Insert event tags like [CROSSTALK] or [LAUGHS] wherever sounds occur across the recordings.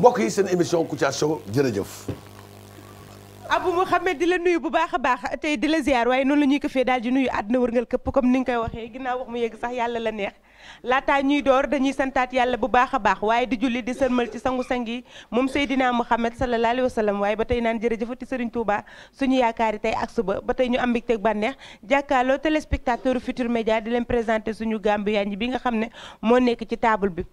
mbokk yi seen émission Kouthia Show jërëjëf. Abou Mouhamed di la nuyu bu baax a baax tey di la ziar waaye noonu la ñuy ko fee daal di nuyu àdduna wërngal këpp comme ni nga koy waxee ginnaaw wax mu yegg sax yàlla la neex. laataa ñuy door dañuy santaat yàlla bu baax a baax waaye di julli di sërmal ci sangu-sang yi moom Seydina Mouhamed sallallahu alayhi wa sallam waaye ba tey naan jërëjëfati Serigne Touba suñu yaakaari tey ak suba ba tey ñu am mbégteeg bànneex jàkkaarloo téléspectateur Futurs Médias di leen présenté suñu Gambian bi nga xam ne moo nekk ci table bi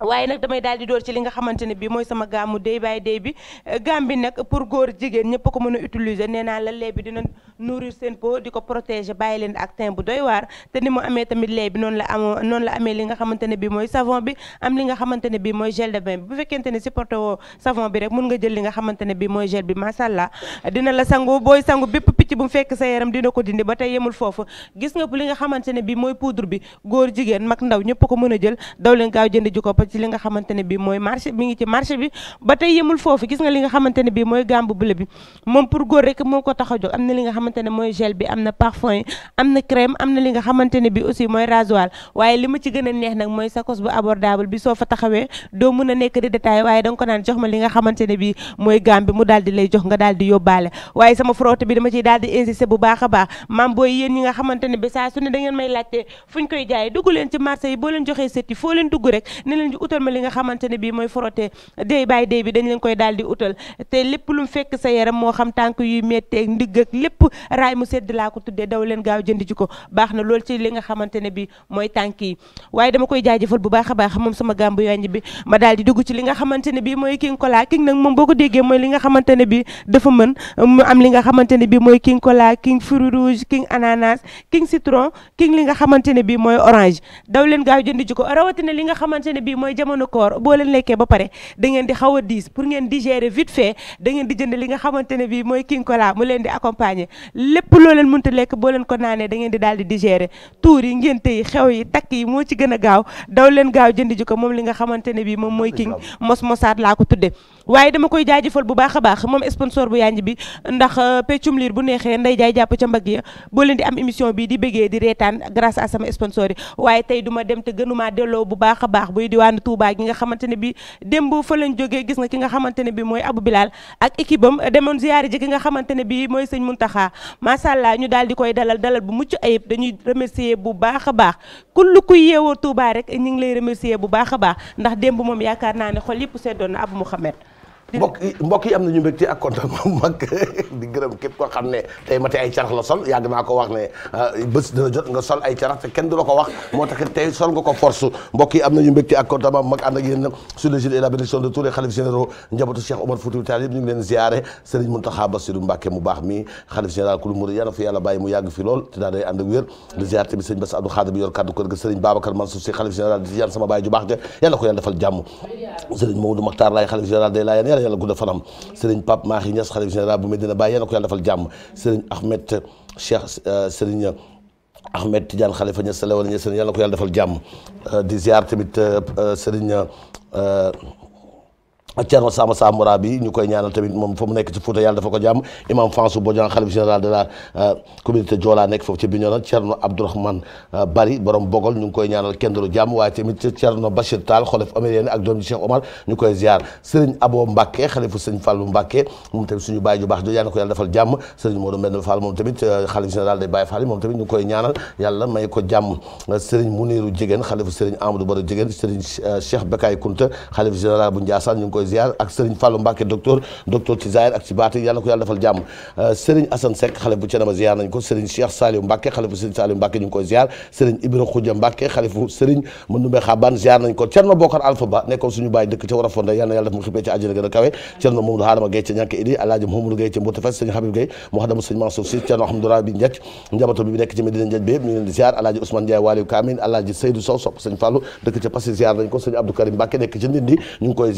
waaye nag damay daal di door ci li nga xamante ne bii mooy sama gaamu day by day bi gaam bi nag pour góor jigéen ñëpp ko mën a utiliser nee naa la lait bi dina nourrir seen peau di ko protéger bàyyi leen ak teint doy waar te ni mu amee tamit lait bi noonu la amoo noonu la amee li nga xamante ne bii mooy savon bi am li nga xamante ne bii mooy gel de bain fekkente ne supporté woo savon bi rek mun nga jël li nga xamante ne bii mooy gel bi masàllaa dina la sangu booy sangu bépp picc bu fekk sa yaram dina ko dindi ba tey yemul foofu gis nga li nga xamante ne bii mooy poudre bi góor jigéen mag ndaw ñëpp ko mën a jël daw leen gaaw jënd ji ko ci li nga xamante ne bii mooy marché mi ngi ci marché bi ba tey yemul foofu gis nga li nga xamante bi a mooy gel bi a neex nag a nekk di mu daal di lay jox nga daal di yóbbaale waaye sama frotté bi dama ciy daal di insister bu baax baax maam booy yéen ñi nga xamante bi saa su ne da may laajte fu ñu koy jaay dugg leen ci marché yi boo leen joxee set yi foo leen dugg rek ne leen utal ma li nga xamante ne bii mooy frotté day by day bi dañ leen koy daal di utal te lépp lu fekk sa yaram moo xam tànk yuy métteeg ndigg ak lépp raay mu sedd laa ko tuddee daw leen gaaw jënd ji ko baax na lool ci li nga xamante ne a baax moom sama bi ma daal di dugg ci li nga xamante ne bii mooy li nga xamante ne ne bii mooy king kola king fruit rouge king ananas king citron king li nga ne bii mooy orange daw leen gaaw jënd ji rawatina li nga xamante ne mooy jamono koor boo leen lekkee ba pare da ngeen di xaw a diis pour ngeen digérer vite fait da ngeen di jënd li nga xamante ne bii mooy king cola mu leen di accompagner lépp loo leen mënta lekk boo leen ko naanee da ngeen di daal di digérer tuur yi ngénte yi xew yi takk yi moo ci gën a gaaw daw leen gaaw jënd ji ko moom li nga xamante ne bii moom mooy king mos mosaat laa ko tudde waaye dama koy jaajëfal bu baax a baax moom esponsor bu yanj bi ndax euh, peccum liir bu neexee nday jaay jàpp ca mbag ya boo leen di am émission bi di bëggee di reetaan grâce à sama sponsor yi waaye tey duma dem te gënumaa delloo bu baax a baax buy diwaanu Touba gi nga xamante ne bi démb fa lañ jógee gis nga ki nga xamante ne bi mooy Abou Bilal ak équipe am demoon ziyaare ji ki nga xamante ne bi mooy sëñ Muntaxa masàllaa ñu daal di koy dalal dalal bu mucc ayib dañuy remercier bu baax a baax kullu kuy yeewoo Touba rek ñu ngi lay remercier bu baax a baax ndax démb moom yaakaar naa ne xol yëpp seddoon na Abou Mouhamed mbokk yi mbokk yi am nañu mbégte ak kontaan bu mag di gërëm képp koo xam ne tey mate ay carax la sol yàgg naa ko wax ne ah, bés dina jot nga sol ay carax te kenn du la ko wax moo tax tey sol nga ko force mbokk yi am nañu mbégte ak kontaan bu mag ànd ak yéen sur le et la bénédiction de tous les xalif généraux njabootu Cheikh Omar Foutiyou Tall yëpp ñu ngi leen ziare Serigne Mountakha Bassirou Mbacké mu baax mi xalif général kulu murid yàlla fi yàlla bàyyi mu yàgg fi lool te daa day ànd ak wér di ziar tamit Serigne Bass Abdou Khadre bi yor kaddu kër ga Serigne Babacar Mansour Sy xalif général di ziar sama baay ju baax ja yàlla ko yàlla defal jàmm Serigne Mamadou Makhtar Laye xalif général day laayeen yala yàlla gudd fanam sëriñ Pape Mahi Niass xalif général bu Medina Baye yéen a ko yàlla defal jàmm sëriñ Ahmed euh, Cheikh euh, sëriñ euh, Ahmed Tidiane Khalifa Niass la wala Niass yàlla na ko yàlla defal jàmm di ziar tamit sëriñ. Cerno Samba Samora bi ñu koy ñaanal tamit moom fa mu nekk ci Fouta yàlla dafa ko jàmm imam Fansou Bodian xalif général de la euh, communauté euh, koy ñaanal kendalu jàmm waaye tamit Cerno Bachir Tall xolof euh, moom tamit ñu koy ñaanal yàlla may ko jàmm Serigne Muniru Jigéen xalifu Serigne Amadou Baro Jigéen Serigne Cheikh Bekay Kounta xalif général bu ziar ak Serigne Fallou Mbacke docteur docteur ci zahir ak ci baati yàlla defal jàmm euh, Serigne Assane Seck xale bu Thiénaba ziar nañ ko Serigne Cheikh Saliou Mbacke xale bu Serigne Saliou Mbacke ko Thierno Bokar Alpha Ba a fonde a nañ ko Serigne Abdou Karim Mbacke nekk ca Ndindi ñu ngi koy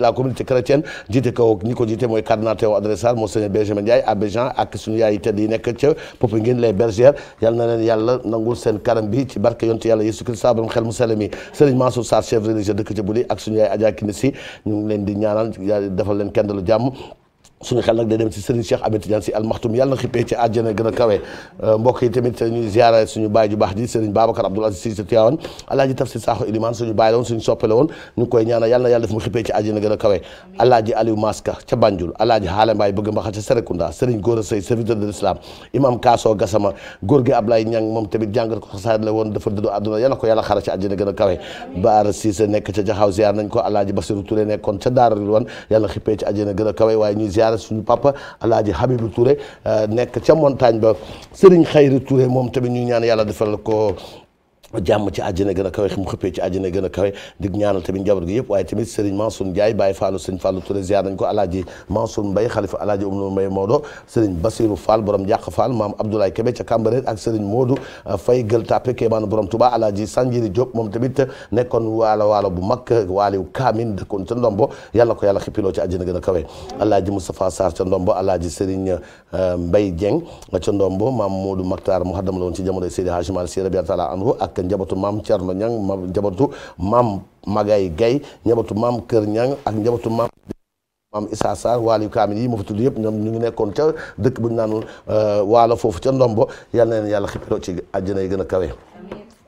la communauté chrétienne jiite ko ñi ko jiite mooy cardinal Théo Adrien Sarr monseigneur Benjamin Ndiaye abbé Jean yaay yi nekk ca Popenguine les bergères yal na leen yàlla nangul seen karam bi barke yontu yàlla Yesu Christ borom xel mu sell mi Serigne Mansour Sarr chef religieux dëkk ca Buli ak yaay Adja leen di ñaanal defal leen kendalu jàmm suñu xel nag day dem si Serigne Cheikh Ahmed Tidiane si almaxtum na xippee ci àjjana gën a kawe euh, mbokk tamit ñuy ziara suñu baay ju baax ji Serigne Babacar Abdoul Aziz Sy sa Tiwaawan alaaji Tafsir Sakho Iliman suñu baay la woon suñu soppe la woon na yàlla a ko xasaar la woon dafa dëddu àdduna yàlla ko yàlla xara ci àjjana gën a kawe Baara a ziyaara suñu papa alaaji Habibou Touré euh, nekk ca montagne ba Serigne Khayri Touré moom tamit ñu ñaan yàlla defal ko jàmm ci àjjana gën a kawe mu xëppee ci àjjana gën a kawe di ñaanal tamit njaboot gi yëpp waaye tamit Serigne Mansour Ndiaye Baye Fallou Serigne Fallou Touré ziar nañ ko alaaji Mansour Mbaye xalifa alaaji Umlu Mbaye Moodo Serigne Basirou Fall borom Njàq Fall maam Abdoulaye Kébé ca Cambérène ak Serigne Modou euh, Faye Gueule Tapée Kéemaanu borom Touba alaaji Sanjiri Diop moom tamit nekkoon waalo waalo bu mag waaliw Kaamin ci àjjana gën a kawe alaaji Moustapha euh, maam Modou Maktar mu xaddam la woon ci jamono Seydi Hadji Malick Sy radiyallahu taala anhu njabootu maam Thierno Niang ma njabootu maam Magay Gay njabootu maam Kër ñan ak njabootu maam maam Issa Sarr waali kaamil yi ma fa tudd yëpp ñoom ñu ngi nekkoon ca dëkk bu ñu naan euh, waalo foofu ca Ndombo yal na leen yàlla xippiroo ci àjjana yi gën a kawe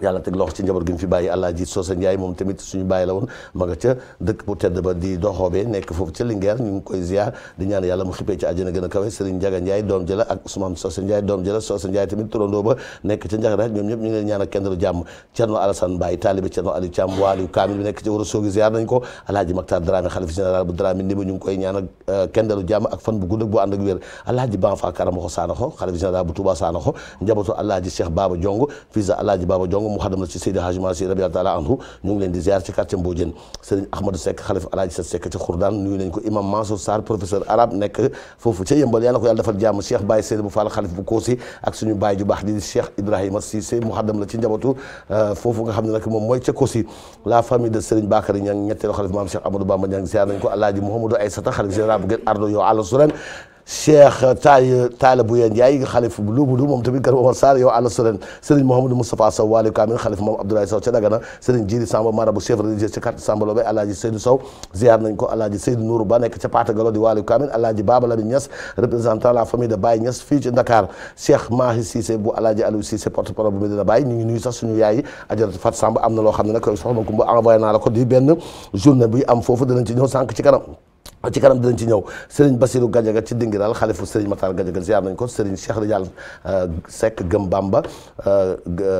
yàlla teg loxo ci njaboot gi mu fi bàyyi Alaaji Soosa Njaay moom tamit suñu bàyyi la woon ma nga ca dëkk bu tedd ba di doxoobee nekk foofu ca Linguère ñu ngi koy ziar di ñaan yàlla mu xippee ci àjjana gën a kawe Serigne Njaga Njaay doom jëla ak Ousmane Soosa Njaay doom jëla Soosa Njaay tamit turandoo ba nekk ca Njaxaraaj ñoom ñëpp ñu ngi leen ñaan ak kenn du jàmm Cerno Alassane Mbaye taalibe Cerno Aliou Thiam waaliyu kaamil bi nekk ca war a soogi ziar nañ ko Alaaji Maktar Dramé xalif général bu Dramé ni ñu ngi koy ñaan ak euh, kenn du jàmm ak fan bu gudd ak bu ànd ak wér Alaaji Banfa Karamaxo Saanaxo xalif général bu Touba Saanaxo njabootu Alaaji Cheikh Baba Jongo fils Alaaji Baba Jongo dong mu xadam la ci Seydi Hadji Malick ci quartier Mbodiène Serigne Ahmadou imam Mansour Sarr professeur arabe nekk foofu ca yëmbal yàlla ko yàlla defal jàmm Cheikh Baye Seydi bu Fall xalif la ci njabootu euh, foofu nga xam ne nag moom mooy ca Koosi la famille de Serigne Bakary xalif maam Cheikh Amadou Bamba ardo yow àlla suren cheikh taay taala bu yeen yaay xalif luubulu moom tamit kër Momar Sarr yow àlla solen Serigne Mouhamadou Moustapha Sow waali kaamil xalif moom Abdoulaye Sow ca Dagana Serigne Jiri Samba marabu chef religieux ca carte Samba Lobé alaaji Seydou Sow ziar ko alaaji Seydou Nourou ba nekk ca Patagalo di waali kaamil alaaji Baba Lamine Niass représentant la famille de Baye Niass fii ci Dakar cheikh Mahi Cissé bu alaaji Aliou Cissé porte parole bu Medina Baye ñu ngi nuyu sax suñu yaay foofu dinañ ci ñëw ci kanam dinañ ci ñëw Serigne Bassirou Gadiaga ci Dinguiraal xalifu Serigne Matar Gadiaga am nañ ko Serigne Cheikh Ridial euh, Seck Gëm Bamba euh,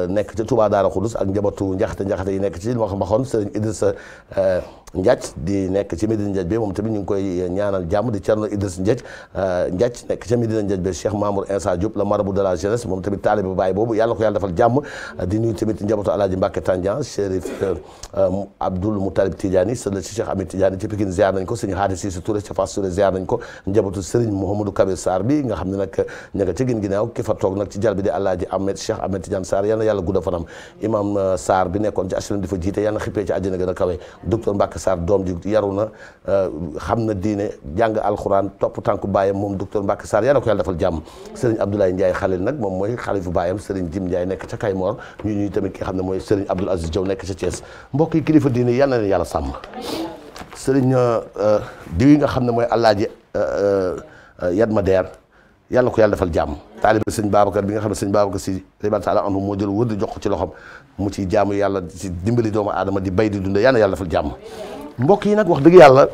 nekk ci Touba Daara Khoudous ak njabootu njaxate njaxate yi nekk ci li ma waxoon Serigne Idrissa euh, Ndiath di nekk ci Medina Ndiath bi moom tamit ñu ngi koy ñaanal jàmm di Thierno Idriss Ndiath euh, Ndiath nekk ci Medina Ndiath bi Cheikh Mamour Insa Diop la marabout de la jeunesse moom tamit taalibe baay boobu yàlla ko yàlla defal jàmm euh, di nuyu tamit njabootu Alaaji Mbacke Tandian Chérif euh, Abdoul Moutalib Tidiane sëñ la ci Amit Tidiane ci Pikine ziar nañ ko sëñ Hadi Cissé Touré nañ ko njabootu Serigne Mouhamadou Kabir Sarr bi nga xam ne nag ña nga ci gën ginnaaw ki fa toog nag ci jal bi di Alaaji Ahmed Cheikh Ahmed Tidiane Sarr yal na yàlla gudda fanam imam Sarr bi nekkoon ci a kawe docteur Sarr doom ji yaru na euh, xam na diine jàng alxuraan topp tànku baayam moom docteur Mbacke Sarr yàlla ko yàlla defal jàmm Serigne Abdoulaye Ndiaye Khalil nag moom mooy xalifu baayam Serigne Jim Ndiaye nekk ca Kaymor ñu ñuy tamit ki nga xam ne mooy Serigne Abdoul Aziz Diaw nekk ca Thiès mbokk yi kilifa diine yal na leen yàlla sàmm sëriñ euh, diw nga xam ne mooy Alaaji euh, Yadma Der yàlla ko yàlla defal jàmm taalibe sëñ Babacar bi nga xam ne sëñ Babacar si riban taala anhu moo jël wër di jox ci loxom mu ci jaamu yàlla dimbali doomu aadama di bay di dundee yàlla yàlla defal jàmm mbokk yi nag wax dëgg yàlla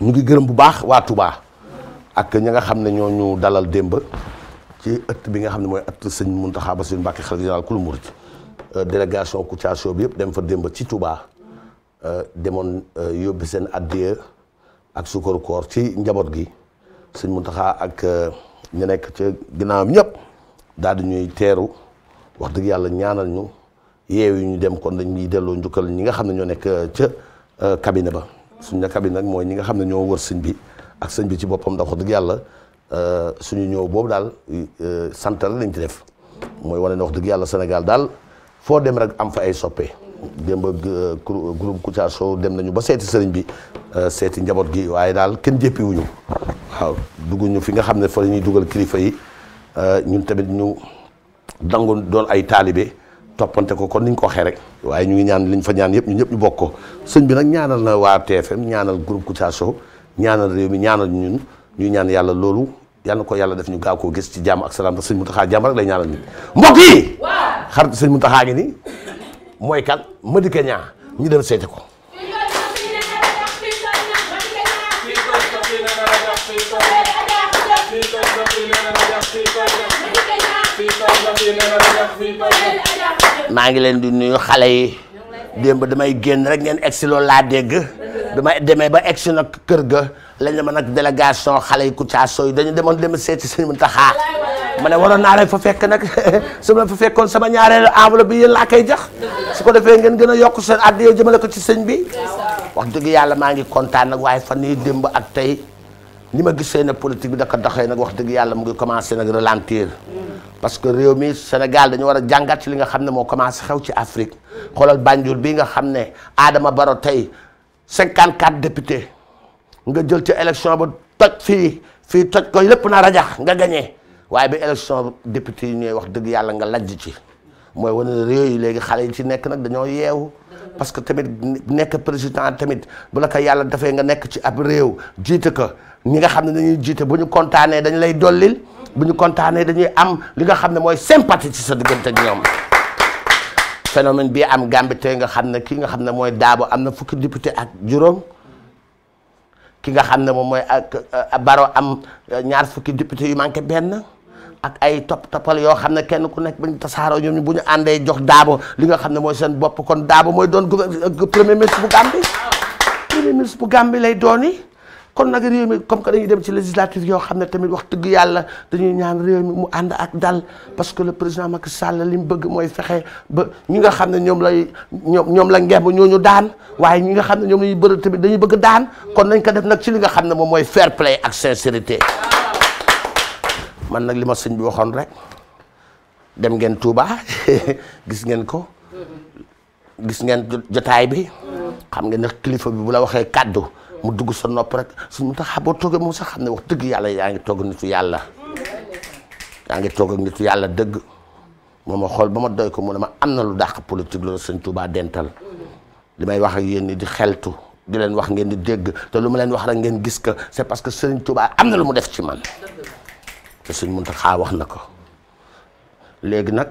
ñu ngi gërëm bu baax waa tubaa ak ña nga xam ne ñoo ñu dalal démb ci ëtt bi nga xam ne mooy ëtt sëñ Mountakha Bassirou Mbacké xalifa général euh, délégation Kouthia bi yëpp dem fa démb ci Touba euh, demoon euh, yóbbi seen addiya ak sukkaru koor ci njaboot gi sëñ muntaxaa ak ñu nekk ca ginnaawam ñëpp daal di ñuy teeru wax dëgg yàlla ñaanal ñu yeew yi ñu dem kon dañuy delloo njukkal ñi nga xam ne ñoo nekk ca. Euh, cabinet ba suñ ne cabinet nag mooy ñi nga xam ne ñoo wër sëñ bi ak sëñ bi ci boppam ndax wax dëgg yàlla euh, suñu ñëw boobu daal euh, santal lañ ci def mooy wane ne wax dëgg yàlla Sénégal daal foo dem rek am fa ay soppe démb groupe Kouthia Show dem nañu ba seeti sëriñ bi seeti njaboot gi waaye daal kenn jéppiwuñu waaw dugguñu fi nga xam ne fa la ñuy dugal kilifa yi ñun tamit ñu dangu doon ay taalibe toppante ko kon niñ ko waxee rek waaye ñu ngi ñaan liñ fa ñaan yëpp ñun ñëpp ñu bokk ko sëñ bi nag ñaanal na waa TFM ñaanal groupe Kouthia Show ñaanal réew mi ñaanal ñun ñu ñaan yàlla loolu yàlla na ko yàlla def ñu gaaw koo gis ci jàmm ak salaam ndax sëñ Mountakha jàmm rek lay ñaanal nit mbokk yi xarit sëñ Mountakha ngi ni mooy kan Madické Niang ñu dem seeti ko maa ngi leen di nuyu xale yi démb damay génn rek ngeen egsi loolu laa dégg damay demee ba egsi nag kër ga lañ dama nag délégation xale yi Kouthia Show yi dañu demoon dem seeti Sëriñ Mountakha ma ne waroon naa leen fa fekk nag [LAUGHS] su ma fa fekkoon sama ñaareelu enveloppe bi yéen laa kay jax su ko defee ngeen gën a yokk seen addiya jëmale ko ci sëñ bi wax dëgg yàlla maa ngi kontaan nag waaye fan yii démb ak tey ni ma gisee ne politique bi da ko doxee nag wax dëgg yàlla mu ngi commencé nag ralentir parce que réew mi Sénégal dañu war a jàngat ci li nga xam ne moo commencé xew ci Afrique xoolal Banjul bii nga xam ne Adama Baro tey 54 députés nga jël ci élection ba toj fi fii toj ko lépp na rajax nga gañe waaye bi élection député yi ñooy wax dëgg yàlla nga lajj ci mooy wane réew yi léegi xale yi ci nekk nag dañoo yeew parce que tamit nekk président tamit bu la ko yàlla dafee nga nekk ci ab réew jiite ko ñi nga xam ne dañuy jiite bu ñu kontaanee dañu lay dollil. bu ñu kontaanee dañuy am li nga xam ne mooy sympathie si sa diggante ak ñoom phénomène bii am Gambie tey nga xam ne kii nga xam ne mooy Daabo am na fukki député ak juróom ki nga xam ne moom mooy ak euh, Baro am euh, ñaar fukki député yu manqué benn ak ay topp toppal yoo xam ne kenn ku nekk bu ñu tasaaroo ñoom bu ñu àndee jox Daabo li nga xam ne mooy seen bopp kon Daabo mooy doon euh, premier ministre bu Gambie premier ministre bu Gambie lay doon yi kon nag réew mi comme que dañuy dem ci législative yoo xam ne tamit wax dëgg yàlla dañuy ñaan réew mi mu ànd ak dal parce que le président Macky Sall li mu bëgg mooy fexe ba ñi nga xam ne ñoom lay ñoom ñoom la ngemb ñooñu daan waaye ñi nga xam ne ñoom la ñuy bëri tamit dañuy bëgg daan kon nañ ko def nag ci li nga xam ne moom mooy fair play ak sincérité man nag li ma sëñ bi waxoon rek dem ngeen tuuba [LAUGHS] gis ngeen ko gis ngeen jotaay bi xam ngeen ne kilifa bi bu la waxee kàddu mu dugg sa nopp rek suñu taxaw boo toogee mu sa xam ne wax dëgg yàlla yaa ngi toog nitu yàlla yaa ngi toog ak nitu yàlla dëgg moo ma xool ba ma doy ko mu ne ma am na lu dàq politique loolu sëñ Touba dental li may wax ak yéen ni di xeltu di leen wax ngeen di dégg te lu ma leen wax rek ngeen gis ka c'est parce que sëñ Touba am na lu mu def ci man te sëñ xaa wax na ko léegi nag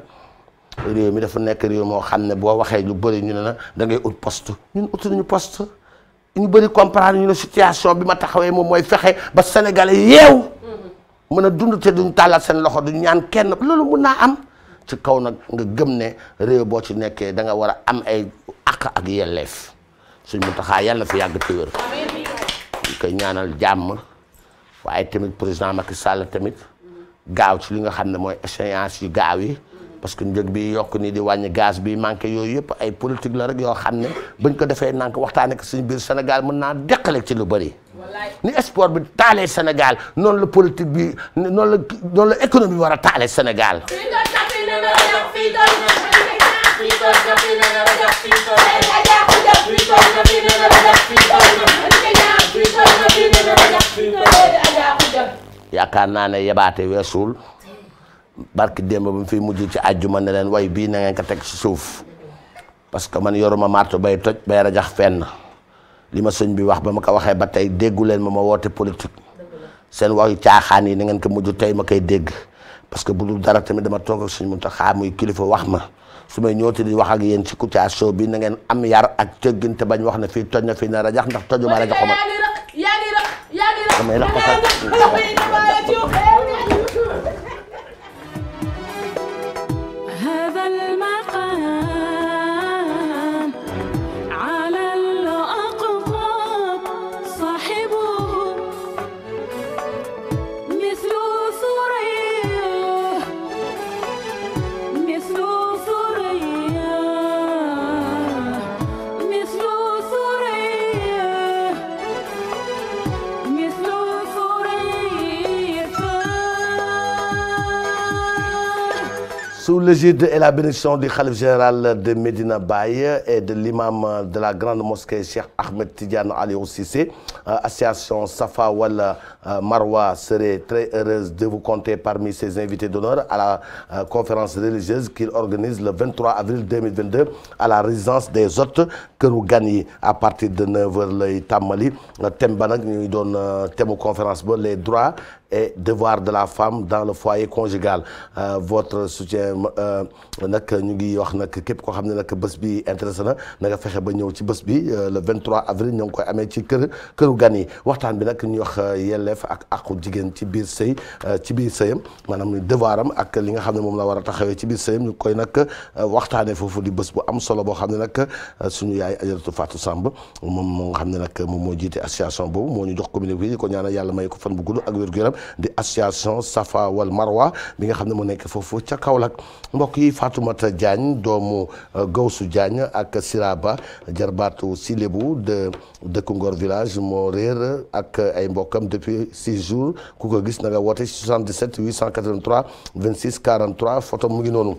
réew mi dafa nekk réew moo xam ne boo waxee lu bëri ñu ne na da ngay ut poste ñun ut nañu poste ñu bëri comprendre ñu ne situation bi ma taxawee moom mooy fexe ba sénégalais yeew mën a dund te duñ tàllal seen loxo duñ ñaan kenn loolu mun naa am ci kaw nag nga gëm ne réew boo ci nekkee da nga war a am ay àq ak yelleef suñ mu taxaa yàlla fi yàgg te wér ñu koy ñaanal jàmm waaye tamit président Macky Sall tamit gaaw ci li nga xam ne mooy échéance yu gaaw yi parce que njëg bi yokk ni di wàññi gaz bi manqué yooyu yëpp ay politique la rek yoo xam ne buñ ko defee nank waxtaane ko suñu biir Sénégal mën naa deqale ci lu bëri ni sport bi taalee Sénégal noonu la politique bi noonu la noonu la économie war a taalee Sénégal yaakaar naa ne yebaate weesuul barki démb bi mu fiy mujj ci àjjuma ne leen way bii na ngeen ko teg ci suuf parce que man yoruma marto bay toj bay rajax fenn li ma sëñ bi wax ba ma ko waxee ba tey déggu leen ma ma woote politique seen way caaxaan yi na ngeen ko mujj tey ma koy dégg parce que bu dul dara tamit dama toog ak sëñ Muntaxa muy kilifa wax ma su may ñëwti di wax ak yéen ci Kouthia Show bi na ngeen am yar ak teggin te bañ wax ne fii toj na fii na rajax ndax tojuma ma yaa ngi rëq المقام Sous l'égide et la bénédiction du Khalif général de Medina Baye et de l'imam de la grande mosquée Cheikh Ahmed Tidiane Ali Sissé, Euh, association Safa wala euh, Marwa serait très heureuse de vous compter parmi ses invités d'honneur à la euh, conférence religieuse qu'il organise le 23 avril 2022 à la résidence des hôtes këru gan yi à partir de 9h lay tàmbali thème ba nag ñu ngi doon thème conférence ba les droits et devoirs de la femme dans le foyer conjugal votre soutien nag ñu ngi wax nag képp koo xam ne nag bés bi intéressé na na nga fexe ba ñëw ci bés bi le 23 avril ñu ngi koy amee ci kër këru teeru gan yi waxtaan bi nag ñu wax euh, yelleef ak aqu jigéen ci biir sëy euh, ci biir sëyam maanaam devoiram ak li nga xam ne moom la war a taxawee ci biir sëyam ñu koy nag euh, waxtaanee foofu di bës bu am solo boo xam ne nag suñu yaay ajaratu Fatou Samb moom moo xam ne nag moom moo jiite association boobu moo ñu jox communiqué bi di ko ñaanal yàlla may ko fan bu gudd ak wér-gu-yaram di association Safa wal Marwa bi nga xam ne moo nekk foofu ca Kaolack mbokk yi Fatoumata Diagne doomu euh, Gawsu Diagne ak Siraba jarbaatu Silebu de dëkk Ngor village moo réer ak ay mbok mbokkam depuis six jours ku ko gis na nga woote 77 883 26 43 foto mu ngi noonu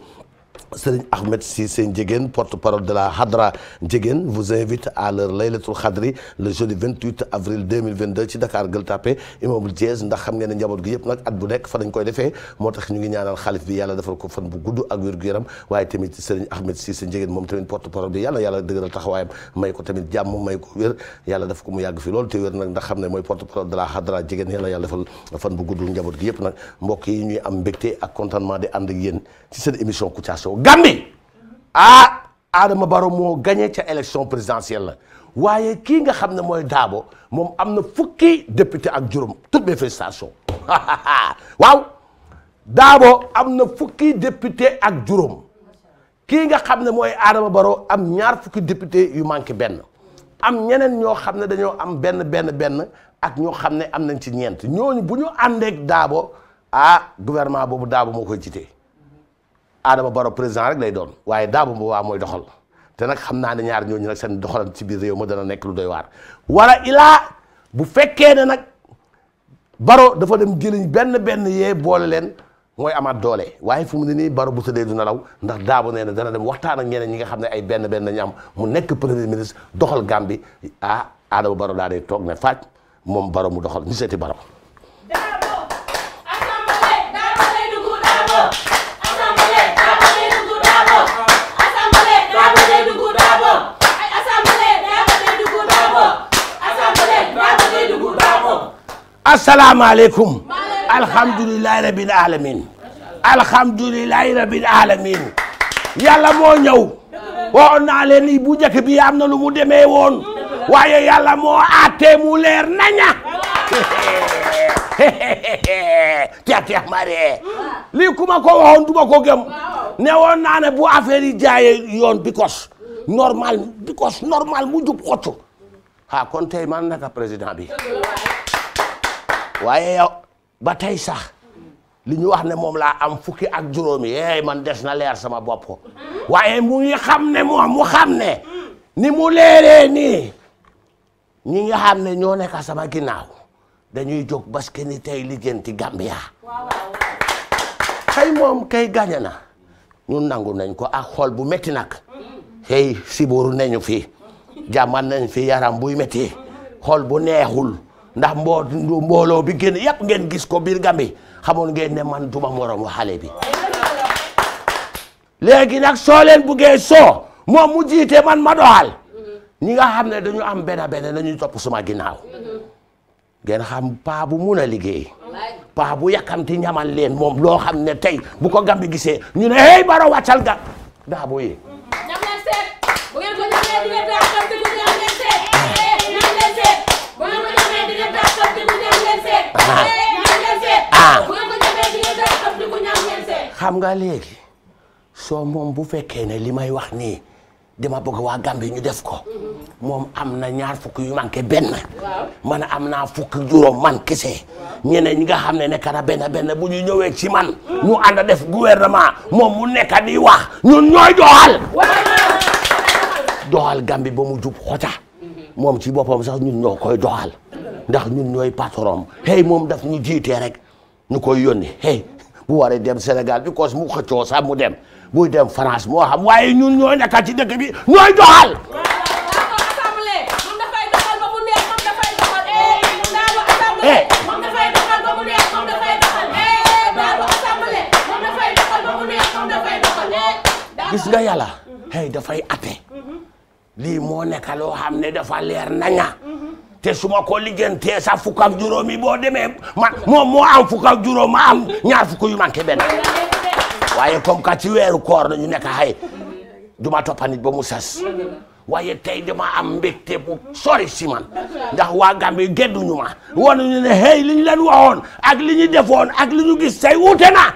Serigne Ahmed Cissé Ndiéguène porte-parole de la Hadra Ndiéguène vous invite à leur laylatul xadri le jeudi 28 avril 2022 ci Dakar Gueule Tapée immeuble Diez ndax ngeen njaboot gi yëpp nag at bu nekk koy defee moo tax ñu ngi ñaanal xalif bi yàlla defal ko fan bu gudd ak wér gu waaye tamit Serigne Ahmed Cissé Ndiéguène moom tamit porte-parole bi yàlla yàlla dëgëral taxawaayam may ko tamit jàmm may mu yàgg fi loolu te wér nag ndax ne mooy porte-parole de la Hadra Ndiéguène yàlla yàlla defal fan bu gudd njaboot gi yëpp nag mbokk yi ñuy am mbégte ak contentement di ànd élection Gambie ah Adama Barrow moo gagné ca élection présidentielle la waaye kii nga xam ne mooy Daabo moom am na fukki député ak juróom toutes mes [LAUGHS] waaw Daabo am na fukki député ak juróom kii nga xam ne mooy Adama Barrow am ñaar fukki député yu manqué benn am ñeneen ñoo xam ne dañoo am benn benn benn ak ñoo xam ne am nañ ci ñeent ñooñu bu ñu àndeek Daabo ah gouvernement boobu Daabo moo koy jiite. Adama baro président rek lay doon waaye Dabo Mbowa mooy doxal te nag xam naa ne ñaar ñooñu nag seen doxalan ci biir réew ma dana nekk lu doy waar. wala ilaa bu fekkee ne nag Barrow dafa dem jëliñ benn benn yee boole leen mooy amaat doole waaye fu mu ne nii baro bu tëddee du nelaw ndax Dabo nee na dana dem waxtaan ak ñeneen ñi nga xam ne ay benn benn ñu am mu nekk premier ministre doxal Gàmbi ah Adama Barrow daal di toog ne faaj moom Barrow mu doxal ñu seeti Barrow. asalaamaaleykum alhamdulilahi rabil alamin alhamdulilahi rabil alamin yàlla moo ñëw waxoon naa leen ni bu njëkk bi am na lu mu demee woon waaye yàlla moo àttee naña [LAUGHS] tiatia mare lii ko waxoon du ko gëm ne woon naa ne bu affaire yi jaayee yoon because normal because normal mu jub xocc ah, bi waaye yow ba tey sax li ñu wax ne moom laa am fukki ak juróomi yeey eh, man des na leer sama bopp waaye mu ngi xam ne moom mu xam ne ni mu leeree nii ñi nga xam ne ñoo nekk sama ginnaaw dañuy jóg parce ni tey lijjanti Gambia tey moom kay gañe na ñun nangu nañ ko ak xol bu métti nag xëy sibóoru nañu fi jàmman nañ fi yaram buy métti xol bu neexul ndax mboo mbooloo bi génn yëpp ngeen gis ko biir Gambie xamoon ngeen ne man duma moromu xale bi léegi nag soo leen buggee soo moom mu jiite man ma doxal ñi nga xam ne dañu am benn benn nañu topp suma ginnaaw ngeen xam paa bu mun a liggéey paa bu yàkkamti ñamal leen moom loo xam ne tey bu ko Gambie gisee ñu ne hey Barrow wàccal ga xam nga soo moom bu fekkee ne li may wax nii dama bëgg waa Gambie ñu def ko moom am na ñaar fukk yu manqué benn man am naa fukk juróom man kese ñeneen ñi nga xam ne nekk na benn benn bu ñu ñëwee ci man ñu ànd def gouvernement moom mu nekk di wax ñun ñooy doxal doxal Gambie ba mu jub xota moom ci boppam sax ñun ñoo koy doxal ndax ñun ñooy patron hey moom daf ñu jiite rek ñu koy yónni hey bu waree dem Sénégal bi cause mu xëccoo sax mu dem buy dem France moo xam waaye ñun ñooy nekkaat ci dëkk bi ñooy doxal. Eh, gis nga yàlla hey dafay atte lii moo nekk loo xam ne dafa leer naña te su ma ko lijjantee sax fukk ak juróomi boo demee man moom moo am fukk juróom ma am ñaar fukk yu manqué benn waaye comme que ci weeru koor la ñu nekk xay du ma toppa nit ba mu sas waaye tey dama am mbégte bu sori si man ndax waa Gambie gedduñu ma wonuñu ne hey li ñu leen ak li ñu defoon ak li ñu gis tey wuute na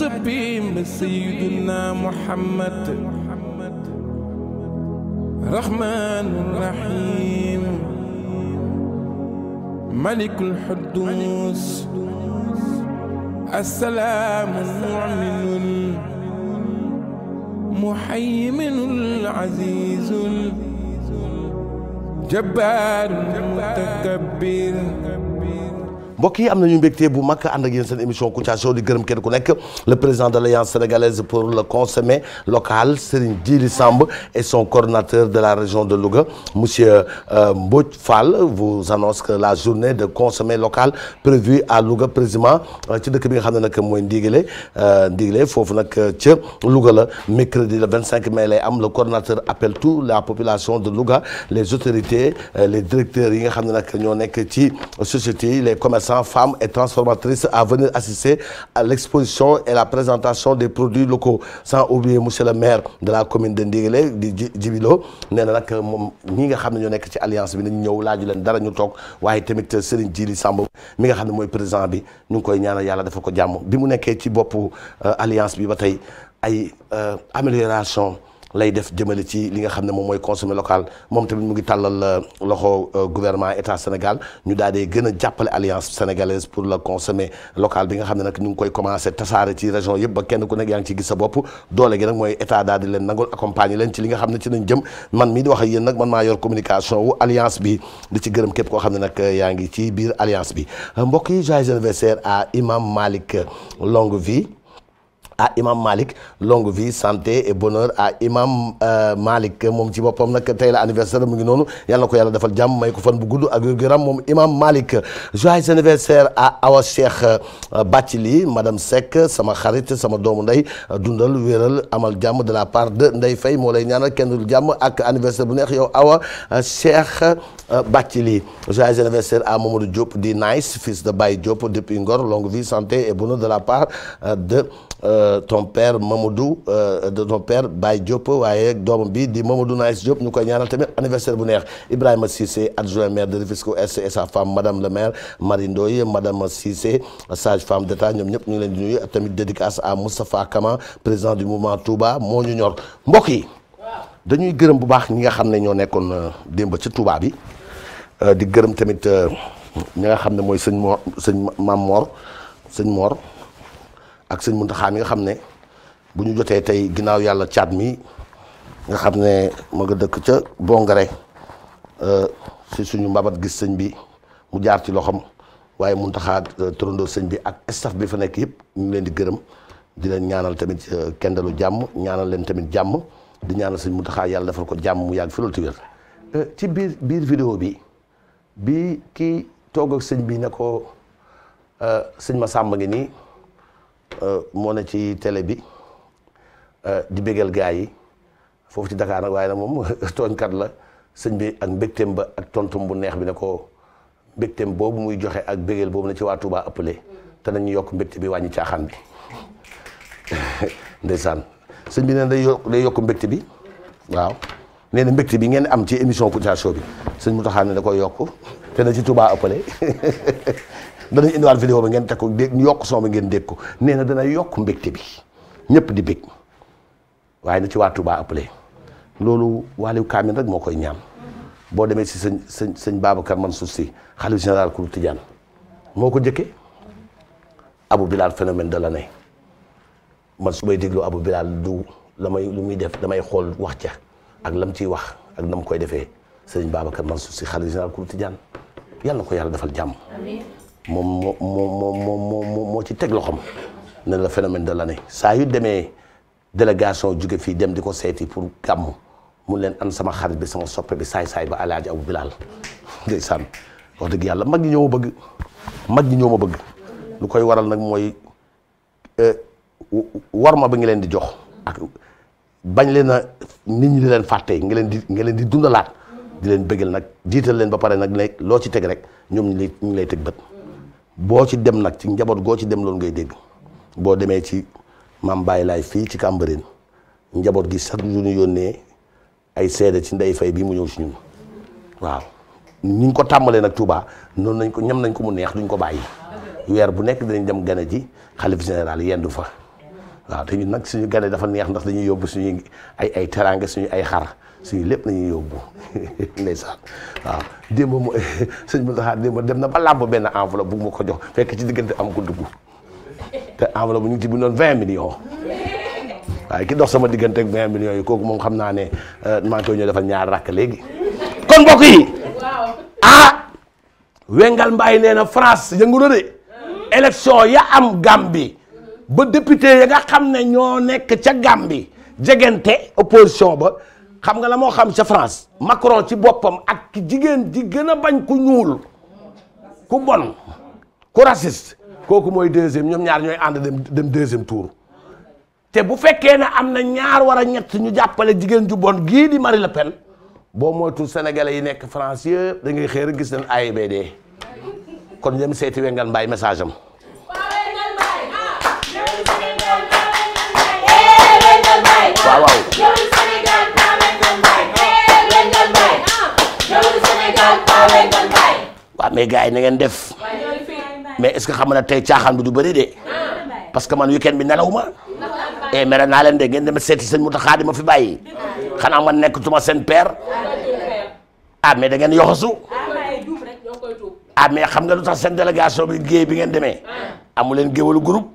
الحبيب سيدنا محمد رحمن الرحيم ملك الحدوث السلام المؤمن محيمن العزيز الجبار المتكبر bokk yi am nañu mbégte bu mag ànd ak yéen seen émission Kouthia Show di gërëm kenn ku nekk le président de l'alliance sénégalaise pour le consommé local Serigne Djili Samb et son coordinateur de la région de Louga monsieur euh, Mbodj Fall vous annonce que la journée de consommé local prévue à luga président euh, ci dëkk bi nga xam ne nag mooy Ndigile euh, Ndigile foofu nag ca Louga la mercredi le 25 mai lay am le coordonnateur appelle tout la population de luga les autorités les directeurs yi nga xam ne nag ñoo nekk ci sociétés yi 300 femmes et transformatrices à venir assister à l'exposition et la présentation des produits locaux sans oublier monsieur le maire de la commune de Ndingler di Djibilo nee na nag moom ñi nga xam ne ñoo nekk ci alliance bi nañu ñëw laaju leen dara ñu toog waaye tamit Serigne Djili Samb mi nga xam ne mooy président bi ñu ngi koy ñaanal yàlla dafa ko jàmm bi mu nekkee ci boppu euh, alliance bi ba tey ay euh, amélioration lay def jëmale ci li nga xam ne moom mooy consommé local moom tamit mu ngi tàllal euh, loxo euh, gouvernement état Sénégal ñu daal di gën a jàppale alliance sénégalaise pour le consommé local bi nga xam ne nag ñu ngi koy commencé tasaare ci région yëpp ba kenn ku nekk yaa ngi ci gis sa bopp doole gi nag mooy état daal di leen nangul accompagner leen ci li nga xam ne ci lañ jëm man mii di wax ak yéen nag man maa yor communication wu alliance bi di ci gërëm képp koo xam ne nag euh, yaa ngi ci biir alliance bi mbokk yi joyeux anniversaire à Imam Malick longue vie à Imam Malik longue vie santé et bonheur à Imam euh, Malik moom ci boppam nag tey la anniversaire mu ngi noonu yàlla na ko yàlla defal jàmm may ko fan bu gudd ak wér gu moom Imam Malik joyeux anniversaire à Awa Cheikh euh, Bathily madame Seck sama xarit sama doomu ndey dundal wéeral amal jàmm de la part de Ndeye Faye moo lay ñaanal kenn dul jàmm ak anniversaire bu neex yow Awa euh, Cheikh Bathily joyeux anniversaire à Mamadou Diop di nice fils de Baye Diop depuis Ngor longue vie santé la part Euh, ton père Mamadou euh, de ton père Baye Diop waaye doomam bi di Mamadou Naïs Diop ñu koy ñaaral tamit anniversaire bu neex Ibrahima Cissé adjoint maire de Rufisque Ouest et sa femme madame le maire Marie Ndoye madame Cissé sage femme d'état ñoom ñëpp ñu leen di nuyu tamit dédicace à Moustapha Kama président du mouvement Touba moo ñu ñor mbokk yi. dañuy gërëm bu baax ñi nga xam ne ñoo nekkoon euh, démb ci Touba bi di gërëm tamit ñi nga xam ne mooy sëñ Mor sëñ Mam Mor. ak sëñ Muntaxa mi nga xam ne bu ñu jotee tey ginnaaw yàlla caat mi nga xam ne ma nga dëkk ca Bongare euh, si suñu mbabat gis sëñ bi mu jaar ci loxoom waaye mun taxaa euh, turandoo sëñ bi ak staff bi fa nekk yëpp ñu ngi leen di gërëm di leen ñaanal tamit euh, kendalu jàmm ñaanal leen tamit jàmm di ñaanal sëñ Muntaxa yàlla defal ko jàmm mu yàgg fi loolu ci biir biir vidéo bi bi kii toog sëñ bi ne ko sëñ ma sàmba ngi nii Euh, moo na ci tele bi euh, di bégal gaa yi foofu ci Dakar nag waaye nag moom [LAUGHS] tooñkat la sëñ bi ak mbégteem ba ak tontum bu neex bi ne ko mbégteem boobu muy joxe ak bégal boobu na ci waa Touba ëppale te nañu yokk mbégte bi wàññi caaxaan bi [LAUGHS] ndeysaan sëñ bi nee day yokk day yokk mbégte bi waaw nee na mbégte bi ngeen am ci émission Kouthia bi sëñ mu taxaan ne da ko yokk te na ci Touba ëppale [LAUGHS] danañ indiwaat vidéo ba ngeen teg ko dégg yokk soo ma ngeen dégg ko nee na dana yokk mbégte bi ñëpp di bég waaye na ci waa Touba ëppale loolu waaliw kaamil rek moo koy ñaam boo demee si sëñ sëñ sëñ man suuf si xalif général kulu Tidiane moo ko jëkkee Abou Bilal phénomène de l'année man su may déglu Abou Bilal du la may lu muy def damay xool wax ca ak lam ciy wax ak nam koy defee sëñ Babacar Mansour si xalif général kulu yàlla ko yàlla defal jàmm moom moo moo moo moo moo ci teg loxoom ne la phénomène de l'année saa yu demee délégation jóge fii dem di ko seeti pour gàmm mu leen an sama xarit bi sama soppe bi saay-saay ba alaaji abu bilaal [LAUGHS] ndeysaan wax dëgg yàlla mag ñi ñoo ma bëgg mag ñi ñoo ma bëgg lu koy waral nag mooy eh, war ma ba ngi leen di jox ak bañ leen a nit ñi di leen fàtte nga leen di nga leen di dundalaat di leen bëggal nag jiital leen ba pare nag léegi loo ci teg rek ñoom ñu lay ñu lay teg bët boo ci dem nag ci njaboot goo ci dem loolu ngay dégg boo demee ci maam bàyyi Laay fii ci Cambérène njaboot gi chaque jour ñu yónnee ay seede ci ndey fay bii mu ñëw ci ñun waaw ñuñ ko tàmbalee nag Touba noonu nañ ko ñam nañ ko mu neex duñ ko bàyyi weer bu nekk dinañ dem gane ji xalif général yendu fa waaw te ñun nag suñu gane dafa neex ndax dañuy yóbbu suñu ay ay teraanga suñu ay xar suñu lépp na ñuy yóbbu ndeysaan mu sëñ Muntaxa démb dem na ba làmb benn enveloppe bu ma ko jox fekk ci diggante am ku dugg te enveloppe bu ñu ngi ci bindoon vingt millions waaye ki dox sama diggante ak vingt millions yi kooku moom xam naa ne euh, maa ngi koy ñëw ñaar rakk léegi kon mbokk yi ah, Wengal Mbaye nee na France yëngu na de ya am Gambie ba député ya nga xam ne ñoo nekk ca Gambie jegante opposition ba xam nga la moo xam ca France Macron ci boppam ak jigéen ji gën a bañ ku ñuul ku bon ku raciste kooku mooy deuxième ñoom ñaar ñooy ànd dem deuxième tour te bu fekkee ne am na ñaar war a ñett ñu jàppale jigéen ju bon gii di Marie la Pen boo moytu sénégalais yi nekk France yëpp da ngay xëy rek gis nañ AIBD kon dem seeti Wengal mbaay message am. waaw mais gars yi na ngeen def mais est-ce que xam na tey caaxaan bi du bari de parce que man weekend bi ma e eh, mere naa leen de ngeen dem seeti seen mu di ma fi bàyyi xanaa man nekkatuma seen père ah mais da ngeen yoxosu ah mais xam nga lu tax seen délégation bi géey bi ngeen demee amu leen géwalu groupe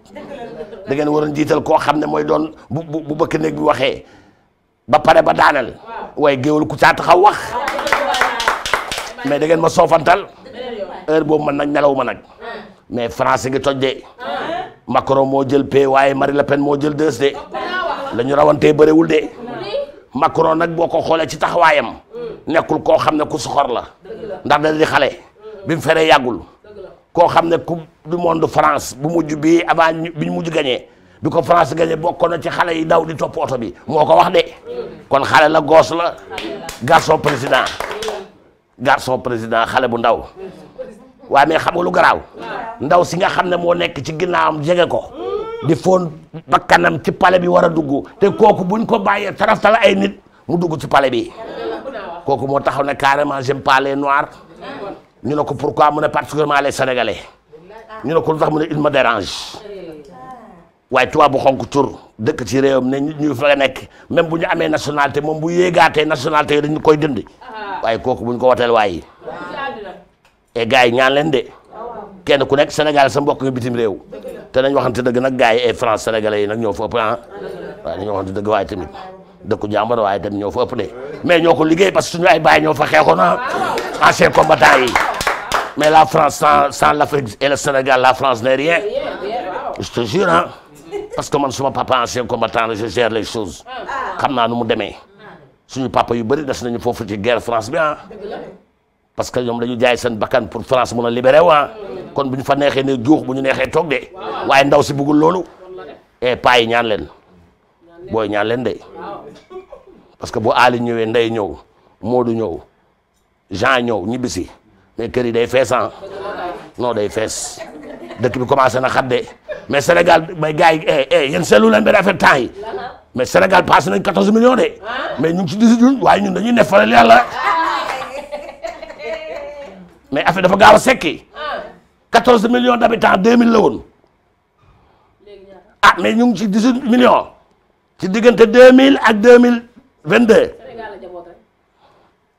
da ngeen waroon jiital koo xam ne mooy doon bu bu bëkk bi waxee ba pare ba daanal waaye géwalu ku caa taxaw wax mais da ngeen ma soofantal heure boobu man nag nelaw ma nag mais france gi toj de Macron moo jël P waaye Marine Le Pen moo jël 2 de la ñu rawantee bëriwul de Macron nag boo ko xoolee ci taxawaayam nekkul koo xam ne ku soxor la ndax da di xale bi mu feree yàggul koo xam ne ku du monde France bu mujj bi avant bi ñu mujj gagné bi ko France gagné bokkoon na ci xale yi daw di topp oto bi moo ko wax de kon xale la goos la garçon président garçon président xale bu ndaw waa mais xam nga lu garaaw ndaw si nga xam ne moo nekk ci ginnaawam jege ko di foon bakkanam ci pale bi war a dugg te kooku buñ ko bàyyee taraftal ay nit mu dugg ci pale bi kooku moo taxaw ne carrément j'aime pas les noirs ñu ne ko pourquoi mu ne particulièrement les sénégalais ñu ne ko lu mu ne il me dérange waaye tubaab bu xonk tur dëkk ci réewam ne ñu fa nekk même bu ñu amee nationalité moom bu yéegaatee nationalité dañu koy dindi waaye kooku buñ ko wateel waaye e eh, gars yi ñaan leen de kenn ku nekk Sénégal sa mbokk nga bitim réew te nañ waxante dëgg nag gars yi ay France sénégalais yi nag ñoo fa ëpp ah waaye nañu waxante dëgg waaye tamit dëkku jàmbar waaye tamit ñoo fa ëpp de mais ñoo ko liggéey parce que suñu ay baay ñoo fa xeexoon ah ancien combattant yi mais la France sans sans l'Afrique et le Sénégal la France n'est rien je te ah. parce que man suma papa ancien combattant je gère les choses xam naa nu mu demee suñu papa yu bëri des nañu foofu ci guerre France bi ah parce que ñoom dañu jaay seen bakkan pour France mun a libéré waa ah. kon bu ñu fa neexee ne juux bu ñu neexee toog de waaye ndaw si bëggul loolu e paa yi ñaan leen booy ñaan leen de parce que bu aali ñëwee nday ñëw Moodu ñëw Jean ñëw ñibbisi mais kër yi day fees ah non day fees dëkk bi commencé na xat de mais Sénégal mais gars yi eh eh yéen seetlu leen benn affaire temps yi mais Sénégal passé nañ 14 millions de. mais ñu ngi ci 18 ñun waaye ñun dañuy neefare yàlla [LAUGHS] mais affaire dafa gaaw a sekki 14 millions d' habitants 2000 la woon ah mais ñu ngi ci 18 millions ci diggante 2000 ak 2022.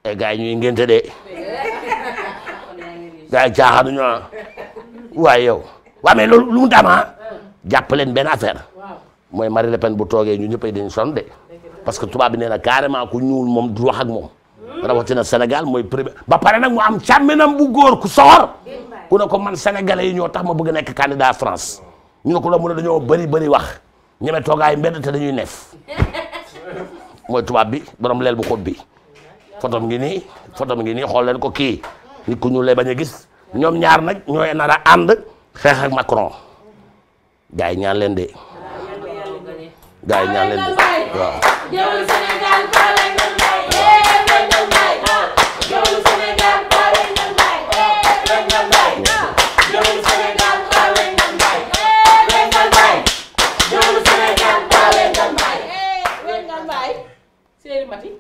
Eh, gaa yi ñuy ngénte de [LAUGHS] gaa yi caaxaanuñu ah [LAUGHS] waaye yow waaw mais loolu lu mu dama ah. jàpp leen benn affaire mooy Marie Le Pen bu toogee ñu ñëppay dañu sonn de parce que tubaab bi nee na carrément ku ñuul moom du wax ak moom rawatina Sénégal mooy ba pare nag mu am càmminam bu góor ku soxor ku ne ko man sénégalais yi ñoo tax ma bëgg nekk candidat France ñu ne ko la mu ne dañoo bari bëri wax ñeme toogaay mbedd te ñuy nef mooy tubaab bi borom leel bu xob bi fotom ngi nii fotom ngi nii xool leen ko kii nit ku ñuule lay bañ a gis ñoom ñaar nag ñooy nar a ànd xeex ak Macron gars yi ñaan leen de. gars yi ñaan leen de waaw. jëwlu Sénégal Paola Ndiol Mbaye. eh Paola Ndiol Mbaye. jëwlu Sénégal Paola Ndiol Mbaye. eh Paola Ndiol Mbaye. jëwlu Sénégal Paola Ndiol Mbaye. eh Paola Ndiol Mbaye. jëwlu Sénégal Paola Ndiol Mbaye. eh Paola Ndiol Mbaye. Séeri Mati.